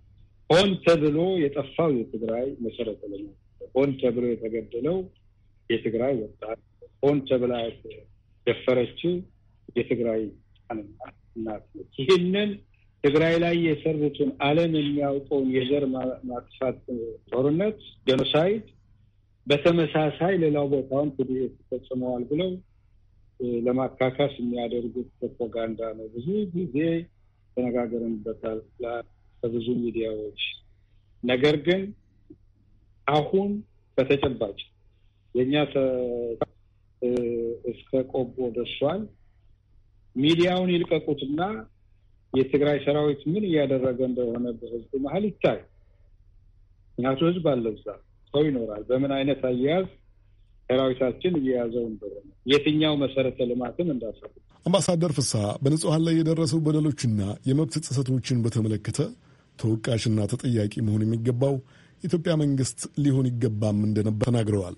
ሆን ተብሎ የጠፋው የትግራይ መሰረተ ልማት፣ ሆን ተብሎ የተገደለው የትግራይ ወጣት፣ ሆን ተብላ ደፈረችው የትግራይ እናት ነች። ይህንን ትግራይ ላይ የሰሩትን ዓለም የሚያውቀውን የዘር ማጥፋት ጦርነት ጀኖሳይድ በተመሳሳይ ሌላው ቦታውን ፒዲኤፍ ተፈጽመዋል ብለው ለማካካስ የሚያደርጉት ፕሮፓጋንዳ ነው። ብዙ ጊዜ ተነጋገርንበታል በብዙ ሚዲያዎች። ነገር ግን አሁን በተጨባጭ የእኛ እስከ ቆቦ ደርሷል። ሚዲያውን ይልቀቁትና የትግራይ ሰራዊት ምን እያደረገ እንደሆነ በህዝቡ መሀል ይታይ። ምክንያቱ ህዝብ አለዛ ሰው ይኖራል። በምን አይነት አያያዝ ሰራዊታችን እየያዘው እንደሆነ የትኛው መሰረተ ልማትም እንዳሰሩ አምባሳደር ፍስሐ በንጹሐን ላይ የደረሰው በደሎችና የመብት ጥሰቶችን በተመለከተ ተወቃሽና ተጠያቂ መሆን የሚገባው የኢትዮጵያ መንግስት ሊሆን ይገባም እንደነበር ተናግረዋል።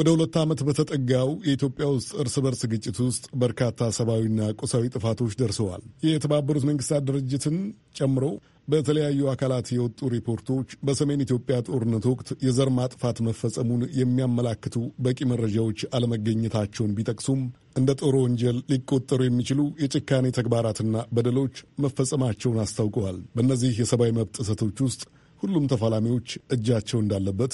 ወደ ሁለት ዓመት በተጠጋው የኢትዮጵያ ውስጥ እርስ በርስ ግጭት ውስጥ በርካታ ሰብአዊና ቁሳዊ ጥፋቶች ደርሰዋል። የተባበሩት መንግስታት ድርጅትን ጨምሮ በተለያዩ አካላት የወጡ ሪፖርቶች በሰሜን ኢትዮጵያ ጦርነት ወቅት የዘር ማጥፋት መፈጸሙን የሚያመላክቱ በቂ መረጃዎች አለመገኘታቸውን ቢጠቅሱም እንደ ጦር ወንጀል ሊቆጠሩ የሚችሉ የጭካኔ ተግባራትና በደሎች መፈጸማቸውን አስታውቀዋል። በእነዚህ የሰብአዊ መብት ጥሰቶች ውስጥ ሁሉም ተፋላሚዎች እጃቸው እንዳለበት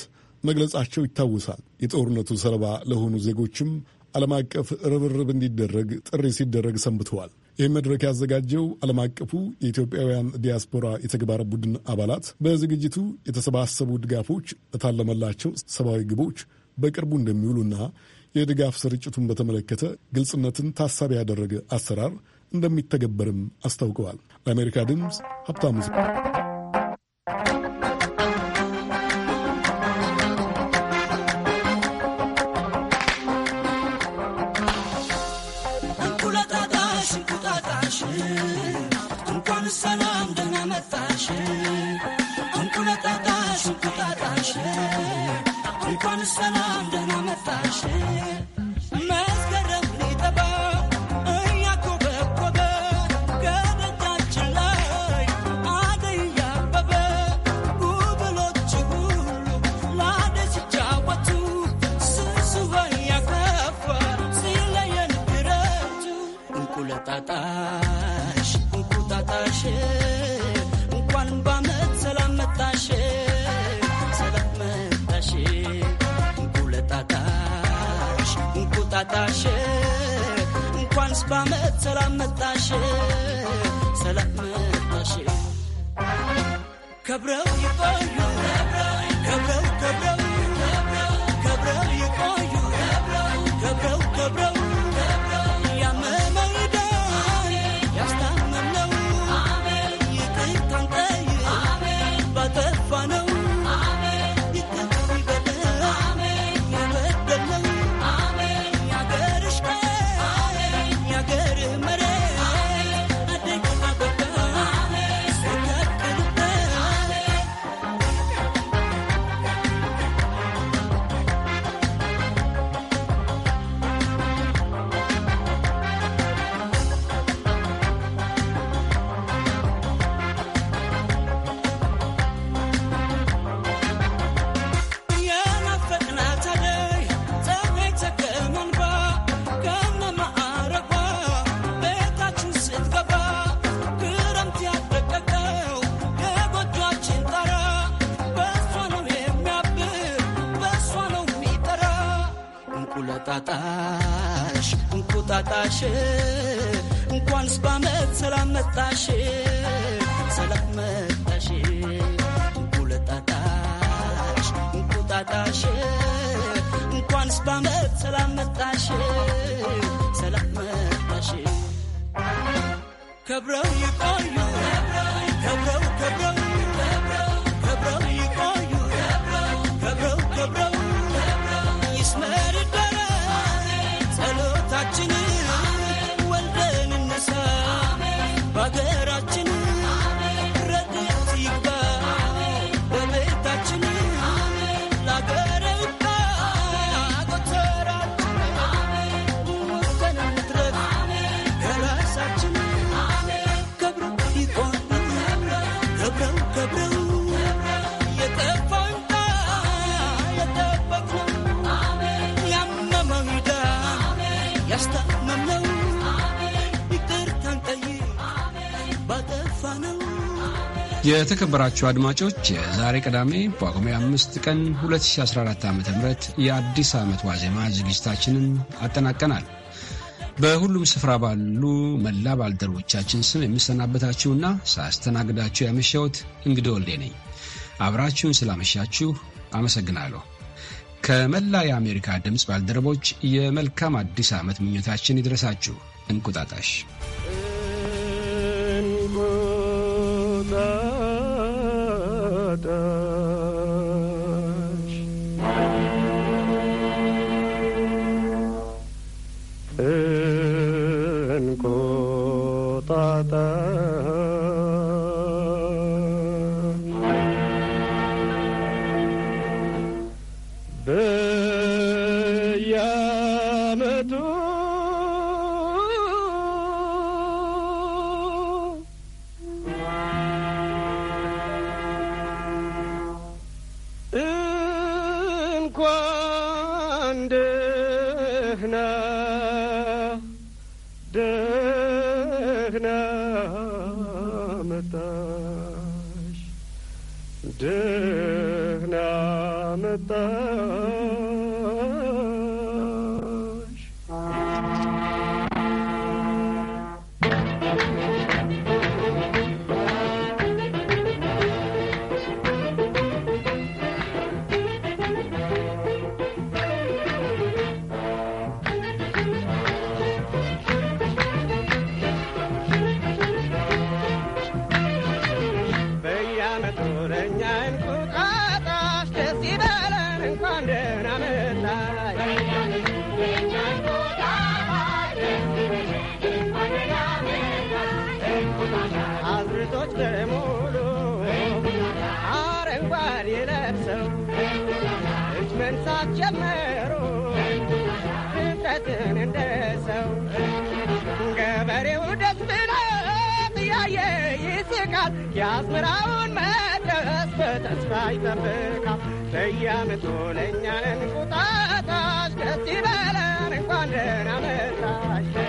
መግለጻቸው ይታወሳል። የጦርነቱ ሰለባ ለሆኑ ዜጎችም ዓለም አቀፍ ርብርብ እንዲደረግ ጥሪ ሲደረግ ሰንብተዋል። ይህ መድረክ ያዘጋጀው ዓለም አቀፉ የኢትዮጵያውያን ዲያስፖራ የተግባር ቡድን አባላት በዝግጅቱ የተሰባሰቡ ድጋፎች ለታለመላቸው ሰብአዊ ግቦች በቅርቡ እንደሚውሉና የድጋፍ ስርጭቱን በተመለከተ ግልጽነትን ታሳቢ ያደረገ አሰራር እንደሚተገበርም አስታውቀዋል። ለአሜሪካ ድምፅ ሀብታሙ ሰላም ደህና መጣሽ በአመት ሰላም መጣሽ ሰላም መጣሽ ከብረው ይቆዩ ከብረው ከብረው የተከበራችሁ አድማጮች የዛሬ ቅዳሜ በጳጉሜ አምስት ቀን 2014 ዓ ም የአዲስ ዓመት ዋዜማ ዝግጅታችንን አጠናቀናል። በሁሉም ስፍራ ባሉ መላ ባልደረቦቻችን ስም የምሰናበታችሁና ሳስተናግዳችሁ ያመሸሁት እንግዲህ ወልዴ ነኝ። አብራችሁን ስላመሻችሁ አመሰግናለሁ። ከመላ የአሜሪካ ድምፅ ባልደረቦች የመልካም አዲስ ዓመት ምኞታችን ይድረሳችሁ። እንቁጣጣሽ radość. Ten kota thank you የአስመራውን መድረስ በተስፋ ይጠብቃል። በየዓመቱ ለእኛን እንቁጣጣሽ ደስ ይበለን እንኳን ደህና መጣሽ